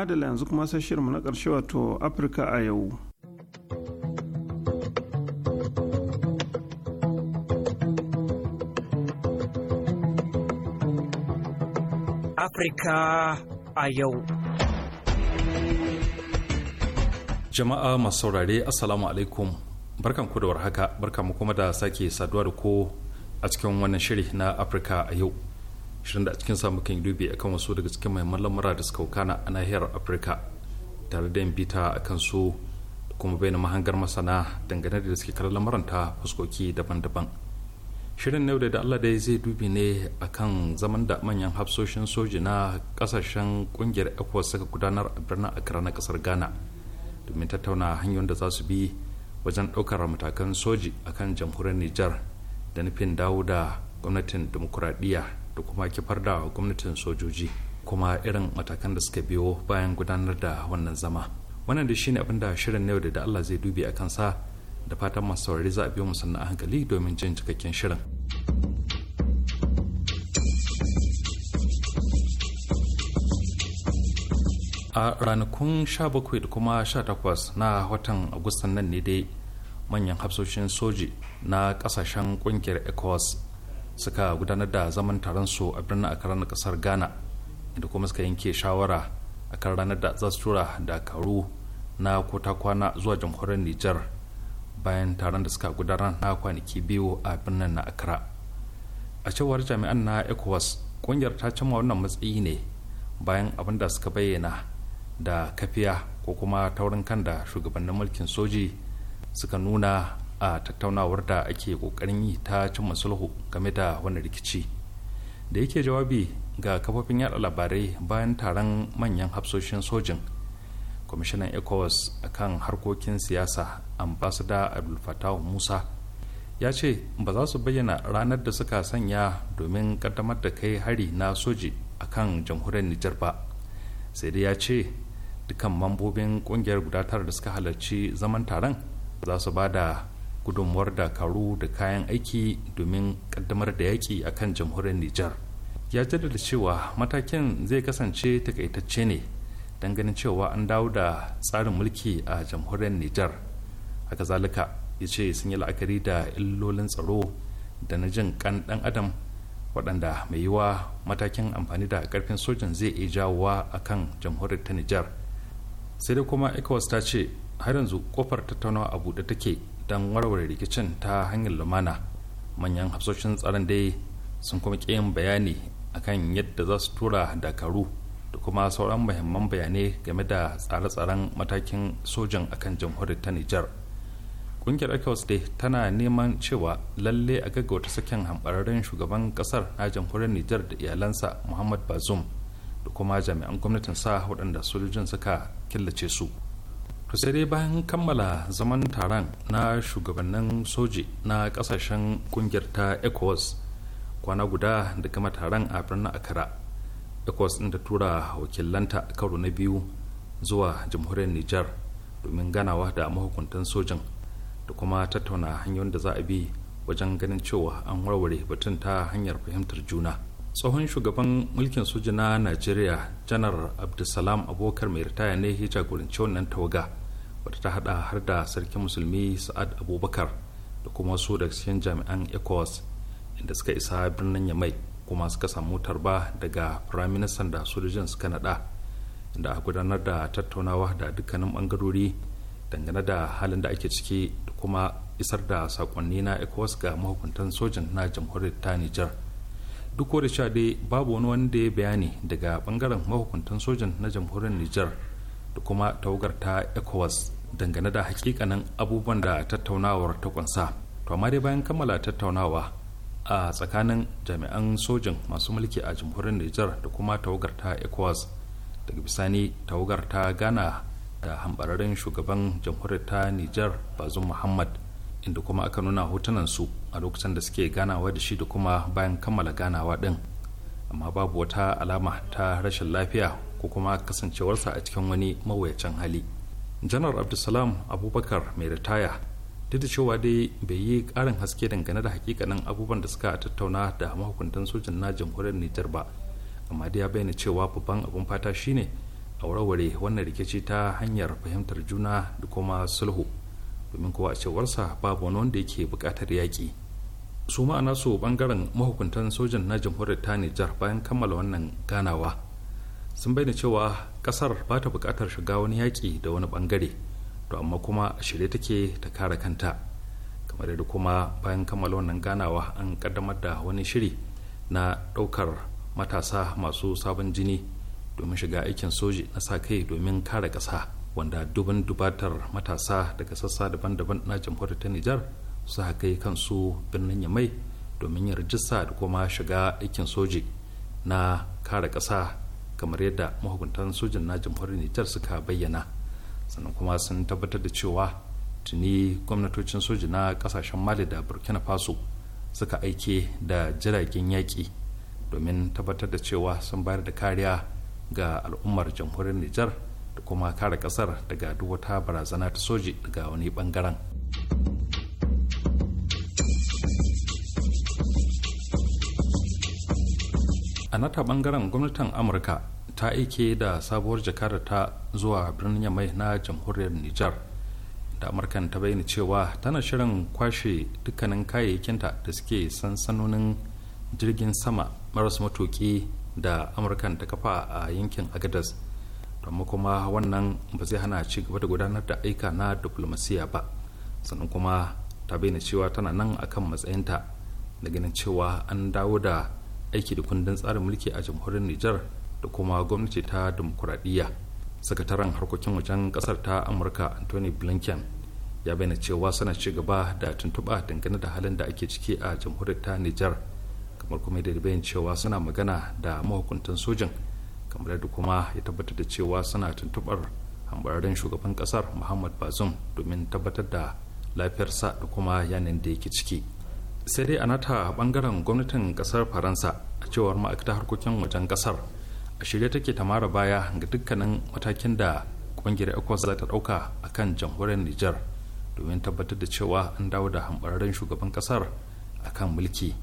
Speaker 1: madala yanzu kuma sashirinmu na ƙarshe wato afirka a yau
Speaker 7: Afirka a yau.
Speaker 4: Jama'a masu saurare Assalamu alaikum barkan ku da warhaka barkan mu kuma da sake saduwa da ko a cikin wannan shiri na Afirka a yau. shirin da a cikin samun kan dubi akan wasu daga cikin mahimman lamura da suka wakana a nahiyar afirka tare da yin bita a kan su da kuma bayyana mahangar masana dangane da suke kalar lamuran ta fuskoki daban-daban shirin yau da allah dai zai dubi ne a kan zaman da manyan hafsoshin soji na kasashen kungiyar ecowas suka gudanar a birnin accra na kasar ghana domin tattauna hanyoyin da za su bi wajen ɗaukar matakan soji akan jamhuriyar nijar da nufin dawo da gwamnatin demokuraɗiyya da kuma kifar da gwamnatin sojoji kuma irin matakan da suka biyo bayan gudanar da wannan zama wannan da shine abin da shirin yau da Allah zai dubi a kansa da fatan masu saurari za a biyo mu a hankali domin jin cikakken shirin a ranakun 17 da kuma 18 na watan agustan nan ne dai manyan hafsoshin soji na kasashen kungiyar ecowas suka gudanar da zaman taron su a birnin akara na kasar ghana inda kuma suka yanke shawara a kan ranar da za su tura dakaru na kota kwana zuwa jamhuriyar niger bayan taron da suka gudanar na kwanaki biyu a birnin na akara a cewar jami'an na ecowas kungiyar ta cimma wannan matsayi ne bayan abin da suka bayyana da kafiya ko kuma taurin kan da shugabannin mulkin soji suka nuna a tattaunawar da ake kokarin yi ta cimma sulhu game da wani rikici da yake jawabi ga kafofin yada labarai bayan taron manyan hafsoshin sojin kwamishinan ecowas akan harkokin siyasa ambasada abdulfatahu musa ya ce ba za su bayyana ranar da suka sanya domin kaddamar da kai hari na soji akan jamhuriyar nijar ba sai dai ya ce dukkan mambobin kungiyar guda tara da suka halarci zaman taron za su ba da gudunmuwar dakaru da kayan aiki domin kaddamar da yaƙi a kan jamhuriyar nijar ya jaddada cewa matakin zai kasance takaitacce ne don ganin cewa an dawo da tsarin mulki a jamhuriyar nijar haka zalika ya ce sun yi la'akari da illolin tsaro da na jin kan dan adam waɗanda mai yiwa matakin amfani da ƙarfin sojan zai iya jawowa a kan jamhuriyar ta nijar sai dai kuma ecowas ta ce har yanzu kofar tattaunawa a buɗe take don warware rikicin ta hanyar lumana manyan hafsoshin tsaron dai sun kuma yin bayani akan yadda za su tura dakaru da kuma sauran muhimman bayanai game da tsare-tsaren matakin sojan akan jamhuriyar ta nijar kungiyar ecowas dai tana neman cewa lalle a gaggauta sakin hambararren shugaban kasar na jamhuriyar nijar da iyalansa muhammad bazoum da kuma jami'an gwamnatin sa waɗanda sojojin suka killace su to sai dai bayan kammala zaman taron na shugabannin soji na kasashen kungiyar ta ecowas kwana guda da gama taron a birnin akara ecowas ɗin da tura wakilanta karo na biyu zuwa jamhuriyar niger domin ganawa da mahukuntan sojin da kuma tattauna hanyoyin da za a bi wajen ganin cewa an warware batun ta hanyar fahimtar juna tsohon shugaban mulkin soji na najeriya janar abdulsalam abokar mai ritaya ne ya jagoranci wannan tawaga wadda ta hada har da sarkin musulmi sa'ad abubakar da kuma wasu daga cikin jami'an ecowas inda suka isa birnin yamai kuma suka samu tarba daga firaministan da sojojin suka nada inda a gudanar da tattaunawa da dukkanin bangarori dangane da halin da ake ciki da kuma isar da sakonni na ecowas ga mahukuntan sojin na jamhuriyar ta nijar duk da sha dai babu wani wanda ya bayani daga bangaren mahukuntan sojan na jamhuriyar nijar da kuma tawagar ta ecowas dangane da hakikanin abubuwan da tattaunawar ta kunsa to amma dai bayan kammala tattaunawa a tsakanin jami'an sojin masu mulki a jamhuriyar niger da kuma tawagar ta ecowas daga bisani tawagar ta gana da hambararren shugaban jamhuriyar ta niger bazum muhammad inda kuma aka nuna hotunan su a lokacin da suke ganawa da shi da kuma bayan kammala ganawa din amma babu wata alama ta rashin lafiya ko kuma kasancewarsa a cikin wani mawuyacin hali janar abdulsalam abubakar mai ritaya duk da cewa dai bai yi karin haske dangane da hakikanin abubuwan da suka tattauna da mahukuntan sojan na jamhuriyar nijar ba amma dai ya bayyana cewa babban abun fata shine a warware wannan rikici ta hanyar fahimtar juna da kuma sulhu domin kowa a cewarsa babu wani wanda yake buƙatar yaƙi su ma'ana su bangaren mahukuntan sojan na jamhuriyar ta nijar bayan kammala wannan ganawa sun bayyana cewa kasar ba ta bukatar shiga wani yaƙi da wani bangare to amma kuma a shirye take ta kare kanta kamar da kuma bayan kammala wannan ganawa an kaddamar da wani shiri na ɗaukar matasa masu sabon jini domin shiga aikin soji na sa kai domin kare ƙasa wanda dubin dubatar matasa daga sassa daban-daban na jamhuriyar ta nijar su kai kansu birnin yamai domin yin rajista da kuma shiga aikin soji na kare ƙasa kamar yadda mahukuntan sojan na jamhuriyar nijar suka bayyana sannan kuma sun tabbatar da cewa tuni gwamnatocin soja na kasashen mali da burkina faso suka aike da jiragen yaƙi domin tabbatar da cewa sun bayar da kariya ga al'ummar jamhuriyar nijar da kuma kare kasar daga duk wata barazana ta soji daga wani bangaren. a nata bangaren gwamnatin amurka ta aike da sabuwar jakada ta zuwa birnin yamai na jamhuriyar nijar da amurkan ta bayyana cewa tana shirin kwashe dukkanin kayayyakinta da suke sansanonin jirgin sama maras matuki da amurkan ta kafa a yankin agadas domin kuma wannan ba zai hana ci gaba da gudanar da aika na diplomasiya ba sannan kuma ta bayyana cewa tana nan akan matsayinta da ganin cewa an dawo da aiki da kundin tsarin mulki a jamhuriyar Nijar da kuma gwamnati ta demokuraɗiyya. Sakataren harkokin wajen ƙasar ta Amurka Anthony Blinken ya bayyana cewa suna ci gaba da tuntuɓa dangane da halin da ake ciki a jamhuriyar ta Nijar kamar kuma da bayan cewa suna magana da mahukuntan sojin kamar da kuma ya tabbatar da cewa suna tuntuɓar hambararren shugaban ƙasar Muhammad Bazoum domin tabbatar da lafiyarsa da kuma yanayin da yake ciki. sai dai a nata bangaren gwamnatin kasar faransa a cewar ma'aikatar harkokin wajen kasar a shirya take ta mara baya ga dukkanin matakin da kungiyar ecowas za ta dauka a kan jamhuriyar niger domin tabbatar da cewa an dawo da hambararren shugaban kasar a kan mulki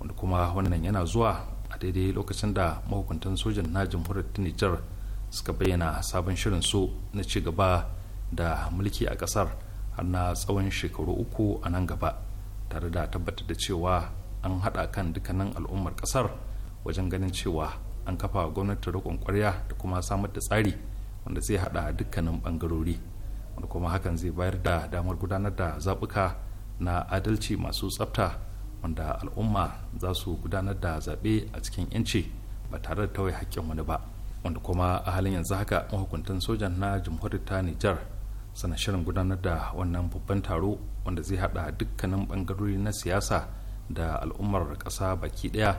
Speaker 4: wanda kuma wannan yana zuwa a daidai lokacin da mahukuntan sojan na jamhuriyar niger suka bayyana sabon shirin su na ci gaba da mulki a kasar har na tsawon shekaru uku a nan gaba tare da tabbatar da cewa an haɗa kan dukkanin al'ummar ƙasar wajen ganin cewa an kafa gwamnati riƙon kwarya da kuma samar da tsari wanda zai haɗa dukkanin ɓangarori wanda kuma hakan zai bayar da damar gudanar da zaɓuka na adalci masu tsafta wanda al'umma za su gudanar da zaɓe a cikin 'yanci ba tare da tawai haƙƙin wani ba wanda kuma a halin yanzu haka mahukuntan sojan na jamhuriyar ta nijar sana shirin gudanar da wannan babban taro wanda zai hada dukkanin bangarori na siyasa da al'ummar ƙasa baki ɗaya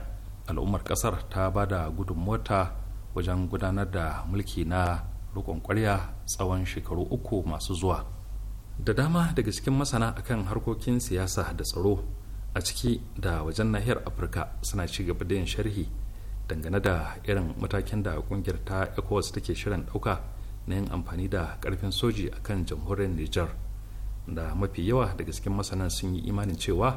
Speaker 4: al'ummar ƙasar ta ba da gudun mota wajen gudanar da mulki na rikon kwarya tsawon shekaru uku masu zuwa da dama daga cikin masana akan harkokin siyasa da tsaro a ciki da wajen nahiyar afirka suna ci gaba da yin sharhi dangane da irin matakin da kungiyar ta ecowas take shirin ɗauka na yin amfani da karfin soji akan jamhuriyar nijar. da mafi yawa daga cikin masana sun yi imanin cewa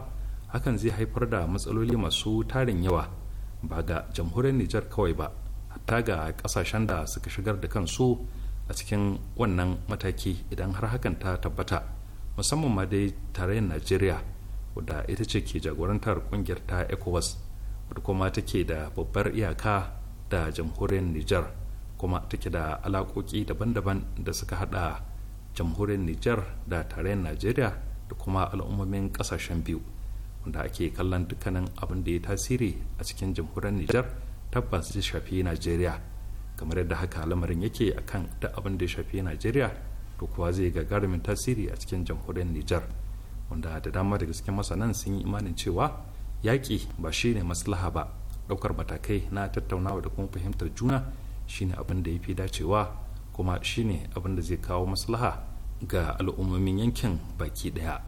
Speaker 4: hakan zai haifar da matsaloli masu tarin yawa ba ga jamhuriyar nijar kawai ba hatta ga kasashen da suka shigar da kansu a cikin wannan mataki idan har hakan ta tabbata musamman ma dai tarayyar najeriya wadda ita ce ke jagorantar kungiyar ta ecowas wadda kuma take da babbar iyaka da jamhuriyar nijar kuma take da alaƙoƙi daban-daban da suka hada jamhuriyar niger da tarayyar najeriya da kuma al'ummomin kasashen biyu wanda ake kallon dukkanin abin da ya tasiri a cikin jamhuriyar niger tabbas zai shafi najeriya kamar yadda haka lamarin yake akan duk abin da ya shafi najeriya to kuwa zai gagarumin tasiri a cikin jamhuriyar niger wanda da dama da gaske masanan sun yi imanin cewa yaƙi ba shi ne maslaha ba ɗaukar matakai na tattaunawa da kuma fahimtar juna shine abin da ya fi dacewa kuma shine abin da zai kawo maslaha ga al'ummomin yankin baki daya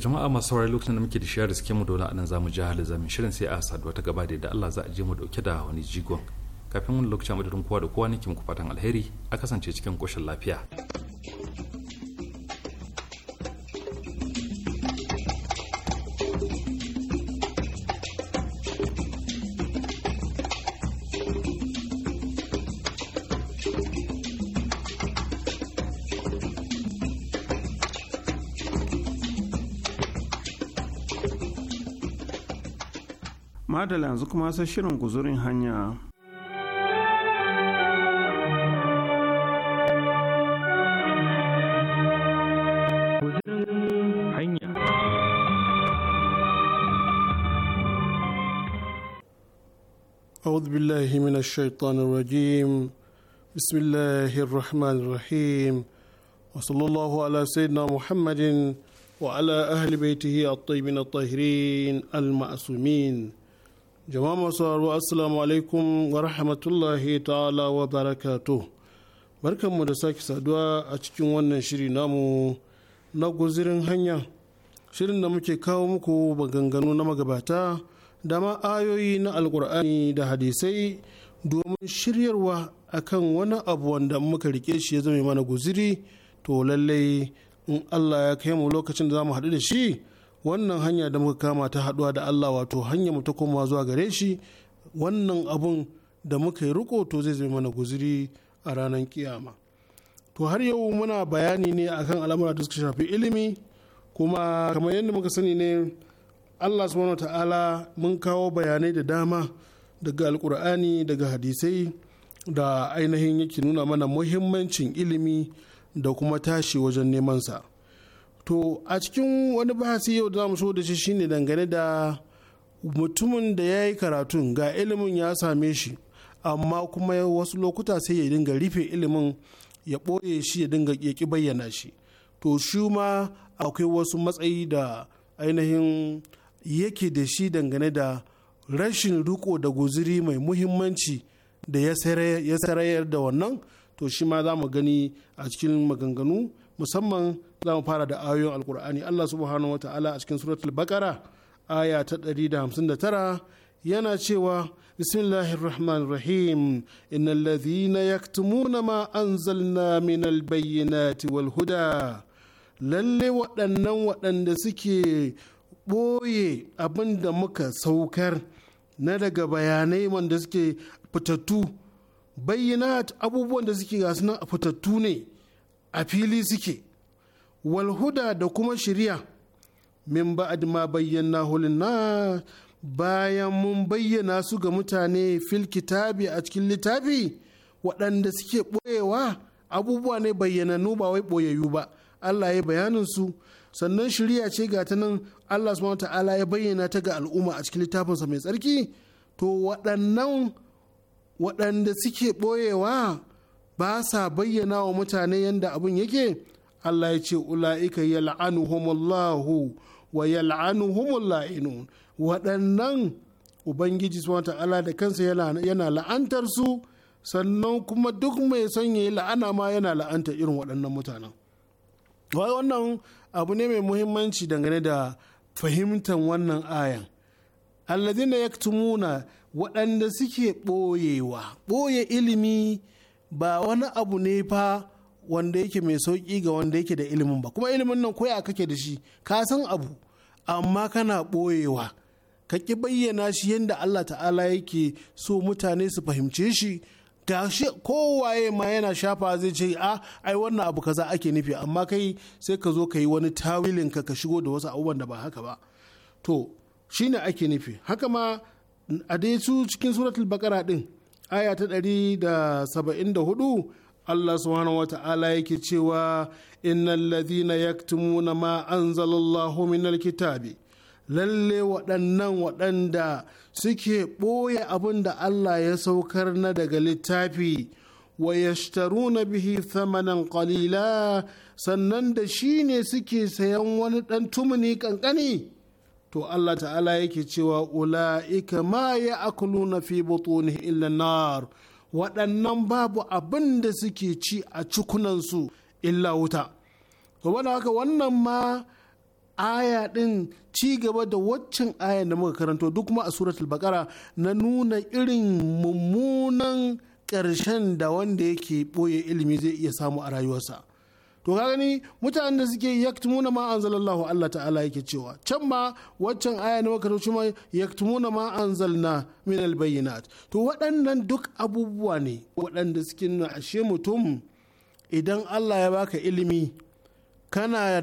Speaker 4: jama'a masu saurari lokacin da muke da shiyar suke mu dole anan zamu ji halin zamin shirin sai a saduwa ta gaba da Allah za a je mu dauke da wani jigon kafin wani lokacin madadin kowa da kowa nake muku fatan alheri a kasance cikin koshin lafiya
Speaker 1: madala yanzu kuma sai shirin guzurin hanya
Speaker 12: أعوذ بالله من الشيطان الرجيم بسم الله الرحمن الرحيم وصلى الله على سيدنا محمد وعلى أهل بيته الطيبين الطاهرين المعصومين jama'a masu sauraro assalamu alaikum wa rahmatullahi ta'ala wa barakatu barkanmu da sake saduwa a cikin wannan shiri namu na guzirin hanya shirin da muke kawo muku maganganu na magabata da ma ayoyi na alkur'ani da hadisai domin shiryarwa akan wani abu wanda muka rike shi ya zama mana guziri to lallai in allah ya kai mu lokacin da za mu haɗu da shi wannan hanya da muka kama ta haduwa da Allah wato hanya mu ta koma zuwa gare shi wannan abun da muka yi riko to zai zai mana guziri a ranar kiyama to har yau muna bayani ne akan al'amura da suka shafi ilimi kuma kamar yadda muka sani ne Allah subhanahu ta'ala mun kawo bayanai da dama daga alkur'ani daga hadisai da ainihin yake nuna mana muhimmancin ilimi da kuma tashi wajen neman sa. to a cikin wani bahasi yau da zamu so da shi shine dangane da mutumin da ya yi karatun ga ilimin ya same shi amma kuma wasu lokuta sai ya dinga rufe ilimin ya ɓoye shi ya dinga ƙi bayyana shi to shi ma akwai wasu matsayi da ainihin yake da shi dangane da rashin riko da guziri mai muhimmanci da ya sarayar da wannan to shi ma za mu gani a cikin maganganu musamman za mu fara da ayoyin alkur'ani Allah subhanahu wa ta'ala a cikin suratul bakara aya ta 159 yana cewa bismillahir rahmanir rahim innal ladhina yaktumuna ma anzalna minal bayyinati wal huda lalle waɗannan waɗanda suke ɓoye abin da muka saukar na daga bayanai wanda suke fitattu bayyana abubuwan da suke gasu nan a fitattu ne a fili suke walhuda da kuma shirya min ba'ad ma bayyana hulina bayan mun bayyana su ga mutane fil kitabi a cikin littafi waɗanda suke ɓoyewa abubuwa ne bayyananu ba wai ɓoyayyu ba Allah ya bayanin su sannan shirya ce ga ta nan Allah subhanahu ta'ala ya bayyana ta ga al'umma a cikin littafinsa mai tsarki to waɗannan waɗanda suke ɓoyewa ba sa bayyana wa mutane yadda abin yake Allah ya ce ula'ika yal'anuhumullahu wa yal'anuhumul la'inun waɗannan ubangiji subhanahu ta'ala da kansa yana la'antar su sannan kuma duk mai son yayi la'ana ma yana la'anta irin waɗannan mutanen wai wannan abu ne mai muhimmanci dangane da fahimtar wannan ayan alladina yaktumuna waɗanda suke ɓoyewa ɓoye ilimi ba wani abu ne fa wanda yake mai sauki ga wanda yake da ilimin ba kuma ilimin nan koya kake da shi ka san abu amma kana ɓoyewa ka ki bayyana shi yadda Allah ta'ala yake so mutane su fahimce shi ga shi kowaye ma yana shafa zai ce a ai wannan abu kaza ake nufi amma kai sai ka zo ka yi wani tawilin ka ka shigo da wasu abubuwan da ba haka ba to shine ake nufi haka ma a dai su cikin suratul bakara din aya ta 174 Allah subhanahu wata'ala yake cewa innal ladhina yaktumuna ma anzalallahu minal kitabi lalle waɗannan waɗanda suke ɓoye abin da Allah ya saukar na daga littafi wa yashtaruna bihi thamanan qalila sannan da shi ne suke sayan wani ɗan tumuni ƙanƙani to Allah ta'ala yake cewa ula'ika ma ya akuluna fi butunihi illa nar waɗannan babu abin da suke ci a cikunansu illa wuta saboda haka wannan ma aya ɗin ci gaba da waccan aya da muka karanto duk kuma a suratul bakara na nuna irin mummunan ƙarshen da wanda yake ɓoye ilimi zai iya samu a rayuwarsa to ka gani mutanen da suke yaktumuna ma anzalallahu Allah ta'ala yake cewa can ma waccan aya ne maka ma yaktumuna ma anzalna min albayyinat to waɗannan duk abubuwa ne waɗanda suke nuna ashe mutum idan Allah ya baka ilimi kana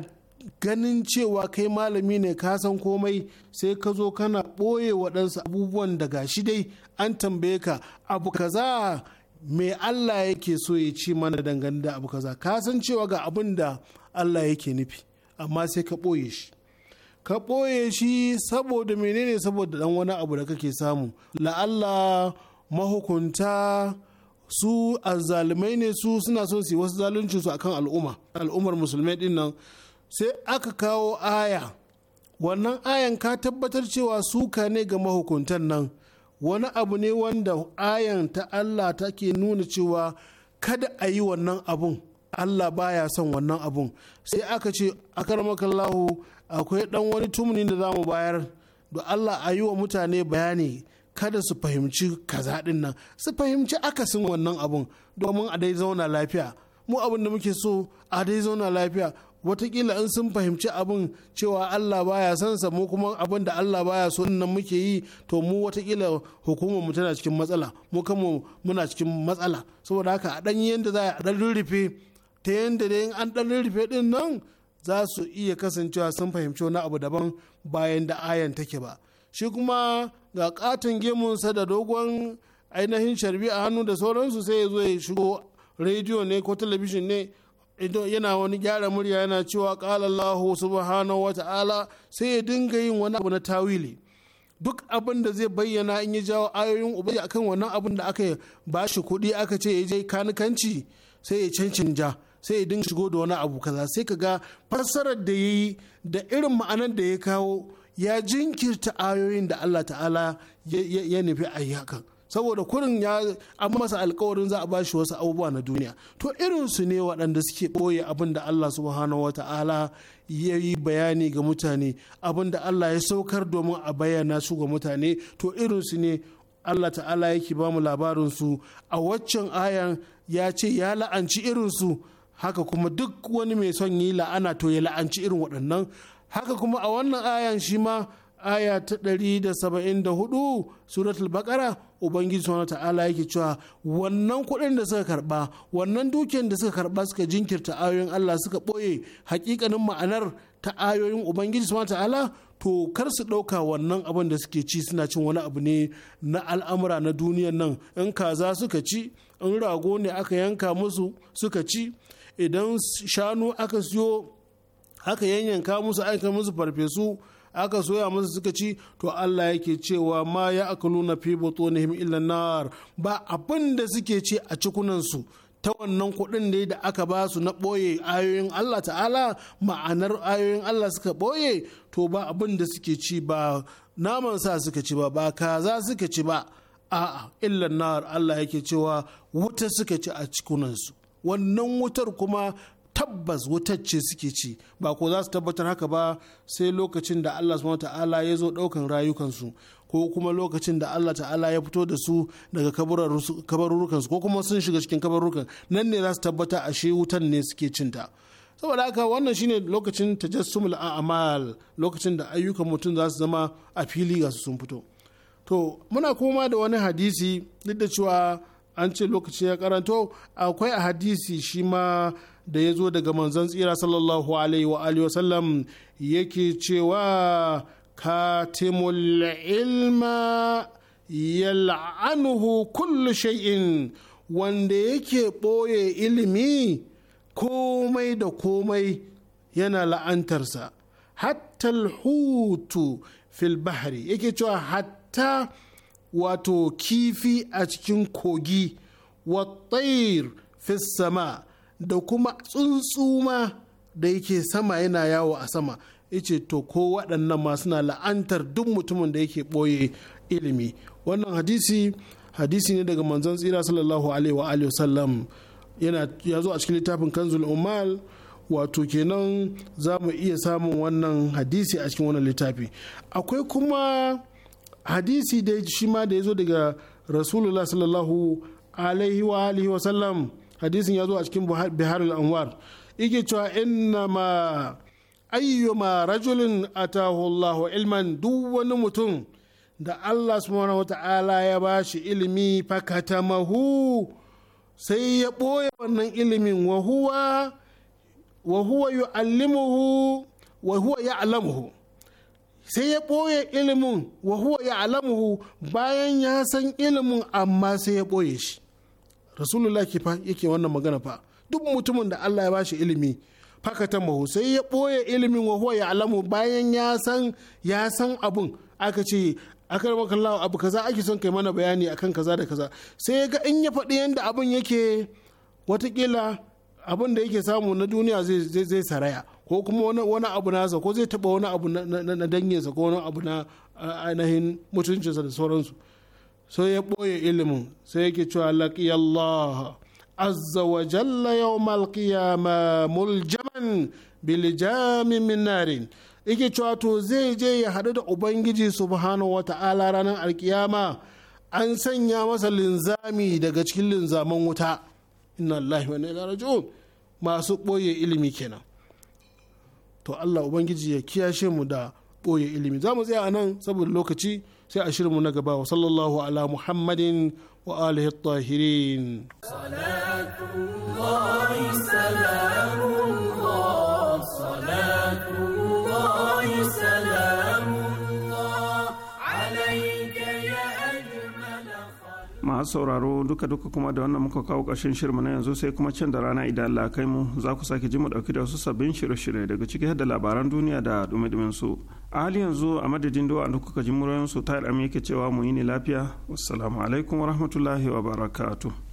Speaker 12: ganin cewa kai malami ne ka san komai sai ka zo kana ɓoye waɗansu abubuwan daga shi dai an tambaye ka abu kaza me Allah yake so ya ci mana dangane da abu kaza ka san cewa ga abin da Allah yake nufi amma sai ka ɓoye shi ka ɓoye shi saboda menene saboda dan wani abu da kake samu la'alla mahukunta su azzalumai ne su suna so su wasu zalunci su akan al'umma al'ummar musulmai din nan sai aka kawo aya wannan ayan ka tabbatar cewa suka ne ga mahukuntan nan wani abu ne wanda ayan ta Allah take nuna cewa kada a yi wannan abun Allah baya son wannan abun sai aka ce a karmakallahu akwai dan wani tumuni da za mu bayar da Allah a yi wa mutane bayani kada su fahimci kaza din nan su fahimci akasin wannan abun domin a dai zauna lafiya mu abin da muke so a dai zauna lafiya watakila in sun fahimci abin cewa Allah baya son sa mu kuma abin da Allah baya so nan muke yi to mu watakila hukumar mu tana cikin matsala mu kanmu muna cikin matsala saboda haka a dan yanda za a dan rurrufe ta yanda da an dan rurrufe din nan za su iya kasancewa sun fahimci wani abu daban bayan da ayan take ba shi kuma ga katon gemunsa da dogon ainihin sharbi a hannu da sauransu sai ya zo ya shigo rediyo ne ko talabijin ne yana wani gyara murya yana cewa ƙala Allah subhanahu wata'ala sai ya dinga yin wani abu na tawili duk abin da zai bayyana in ya jawo ayoyin ubangi akan wannan abin da aka ba shi kuɗi aka ce ya je kanikanci sai ya cancanja sai ya dinga shigo da wani abu kaza sai ka ga fassarar da ya yi da irin ma'anar da ya kawo ya jinkirta ayoyin da Allah ta'ala ya nufi a yi hakan saboda kurin ya an masa alkawarin za a ba shi wasu abubuwa na duniya to irin su ne waɗanda suke ɓoye abin da Allah subhanahu wata'ala ya yi bayani ga mutane abin da Allah ya saukar domin a bayyana su ga mutane to irin su ne Allah ta'ala yake ba mu labarin su a waccan ayan ya ce ya la'anci irin su haka kuma duk wani mai son yi la'ana to ya la'anci irin waɗannan haka kuma a wannan ayan shi ma aya ta ɗari da da 174 suratul bakara ubangiji suna ta'ala yake cewa wannan kuɗin da suka karba wannan dukiyar da suka karba suka jinkirta ayoyin Allah suka ɓoye hakikanin ma'anar ta ayoyin ubangiji suna ta'ala to kar su ɗauka wannan abin da suke ci suna cin wani abu ne na al'amura na duniyan nan in kaza suka ci in rago ne aka yanka musu suka ci idan shanu aka siyo aka yanyanka musu aka musu farfesu aka soya musu suka ci to Allah yake cewa ma ya akuluna fi butunihim illa nar ba abin da suke ci a cikunan su ta wannan kuɗin ne da aka ba su na ɓoye ayoyin Allah ta'ala ma'anar ayoyin Allah suka ɓoye to ba abin da suke ci ba naman sa suka ci ba ba kaza suka ci ba a'a illan nar Allah yake cewa wuta suka ci a cikunansu wannan wutar kuma tabbas wutar ce suke ci ba ko za su tabbatar haka ba sai lokacin da Allah subhanahu ta'ala ya zo daukan rayukansu ko kuma lokacin da Allah ta'ala ya fito da su daga kabarurukansu ko kuma sun shiga cikin kabarurukan nan ne za su tabbata ashe wutan ne suke cinta saboda haka wannan shine lokacin tajassumul a'mal lokacin da ayyukan mutum za su zama a fili ga su sun fito to muna koma da wani hadisi duk da cewa an ce lokaci ya karanto akwai a hadisi shi ma da ya zo daga manzon tsira sallallahu alaihi wa alihi wasallam yake cewa katimul ilma la'anuhu kullu shay'in wanda yake ɓoye ilimi komai da komai yana la'antarsa hatta hutu fil bahri yake cewa hatta wato kifi a cikin kogi wa fis sama da kuma tsuntsu ma da yake sama yana yawo a sama yace to ko waɗannan ma suna la'antar duk mutumin da yake ɓoye ilimi wannan hadisi hadisi ne daga manzon tsira sallallahu alaihi wa alihi wasallam yana ya zo a cikin littafin kanzul umal wato kenan za mu iya samun wannan hadisi a cikin wannan littafi akwai kuma hadisi da shi ma da ya zo daga rasulullah sallallahu alaihi wa alihi wasallam hadisin ya zo a cikin biharin anwar yake cewa inna ma ayyuma rajulin atahu hulahu ilman duk wani mutum da Allah subhanahu wa ta'ala ya ba shi ilimi fakatamahu sai ya boye wannan ilimin wa huwa wa huwa yu'allimuhu wa sai ya ɓoye ilimin wa huwa ya'lamuhu bayan ya san ilimin amma sai ya ɓoye shi rasulullah ke fa yake wannan magana fa duk mutumin da Allah ya bashi ilimi fakatan mahu sai ya boye ilimin wa ya alamu bayan ya san ya san abun aka ce akar kallawa abu kaza ake son kai mana bayani akan kaza da kaza sai ga in ya faɗi yadda abun yake watakila abin da yake samu na duniya zai saraya ko kuma wani abu nasa ko zai taɓa wani abu na danginsa ko wani abu na ainihin mutuncinsa da sauransu sai ya ɓoye ilimin sai yake cewa laqiyallah azza wa jalla yawmal qiyama muljaman bil jami min narin yake cewa to zai je ya haɗu da ubangiji subhanahu wata'ala ranar alkiyama an sanya masa linzami daga cikin linzaman wuta inna allahi wa inna raji'un masu ɓoye ilimi kenan to allah ubangiji ya kiyashe mu da ɓoye ilimi za mu tsaya anan saboda lokaci sai a shirinmu na gaba wa sallallahu ala muhammadin wa alihi tahirin
Speaker 1: masu sauraro duka duka kuma da wannan muka kawo ƙarshen shirma na yanzu sai kuma can da rana idan Allah kai mu za ku sake ji mu ɗauki da wasu sabbin shirye-shirye daga ciki da labaran duniya da dumi-dumin su a hali yanzu a madadin dawa da kuka ji murayen su tayar yake cewa mu yi ni lafiya wassalamu alaikum warahmatullahi wabarakatuh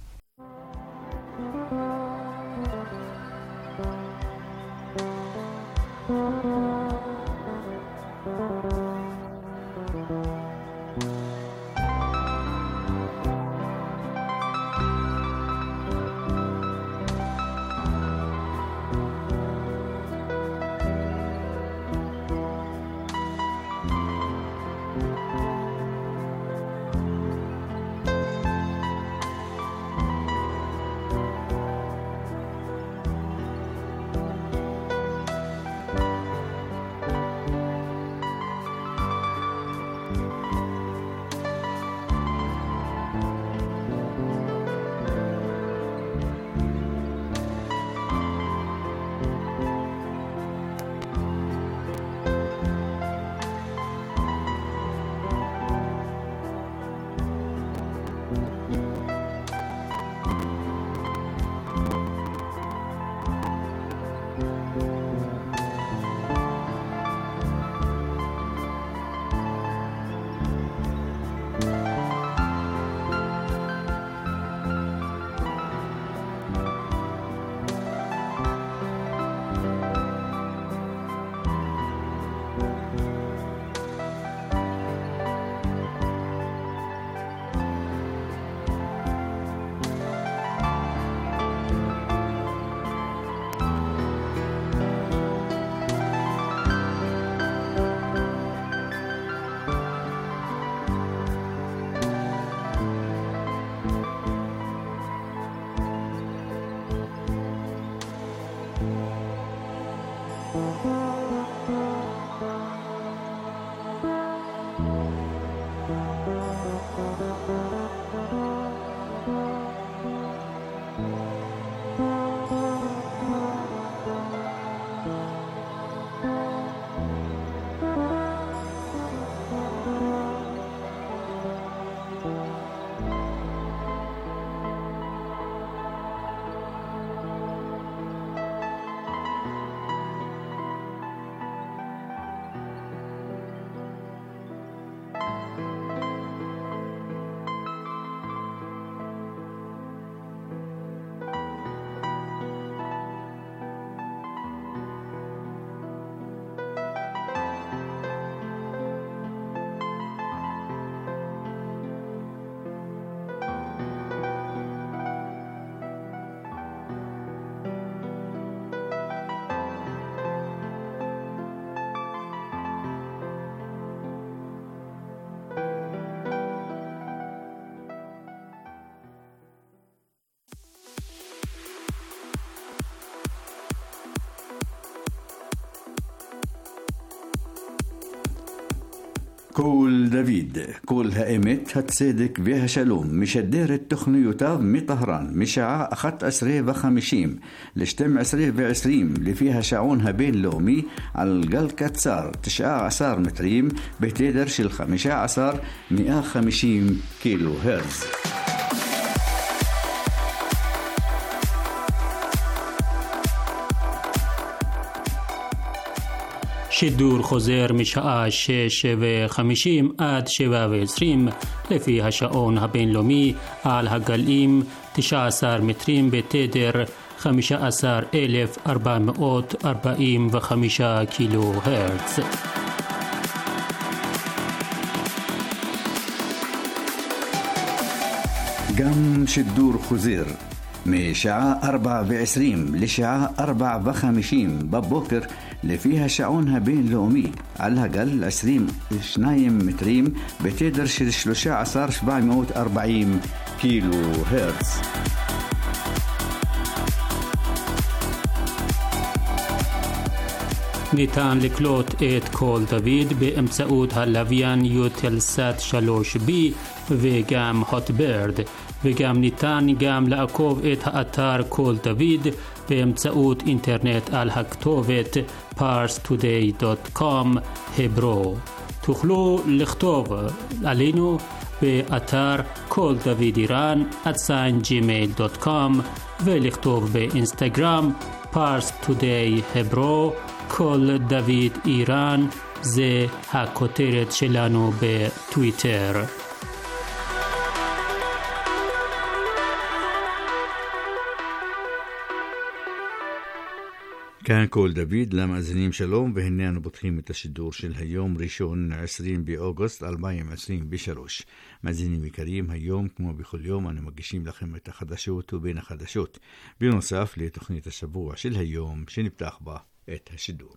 Speaker 3: كول دافيد كول هائمت هتسيدك بها شلوم مش الدير التخني يوتاف مي طهران مشاع أخت أسري وخمشيم لشتم أسري بعسريم اللي فيها شعونها بين لومي على القل كتسار تشعى عصار متريم بتدرش الخمشة عصار مئة خمشيم كيلو هرتز
Speaker 13: شدور خوزیر میشه از 6.50 از 7.20 لفی هشاؤن هبینلومی آل هگل ایم 19 متریم به تدر 15.445 کلو هرتز
Speaker 6: گم شدور خوزیر من شعاع 24
Speaker 3: لشعاع 54 باب بوكر اللي فيها شعونها بين لومي على الاقل 20 22 متريم بتقدر 13 740 كيلو هرتز
Speaker 13: نيتان لكلوت ايت كول دافيد بامسعود هالافيان يوتيل سات شالوش بي فيجام هوت بيرد וגם ניתן גם לעקוב את האתר כל דוד באמצעות אינטרנט על הכתובת parstoday.com הברו. תוכלו לכתוב עלינו באתר כל דוד איראן, אצן gmail.com ולכתוב באינסטגרם parstoday הברו, כל דוד איראן, זה הכותרת שלנו בטוויטר.
Speaker 6: כאן קול דוד, למאזינים שלום, והנה אנו פותחים את השידור
Speaker 3: של היום ראשון, 20 באוגוסט 2023. מאזינים יקרים, היום, כמו בכל יום, אנו מגישים לכם את החדשות ובין החדשות, בנוסף לתוכנית השבוע של היום, שנפתח בה את השידור.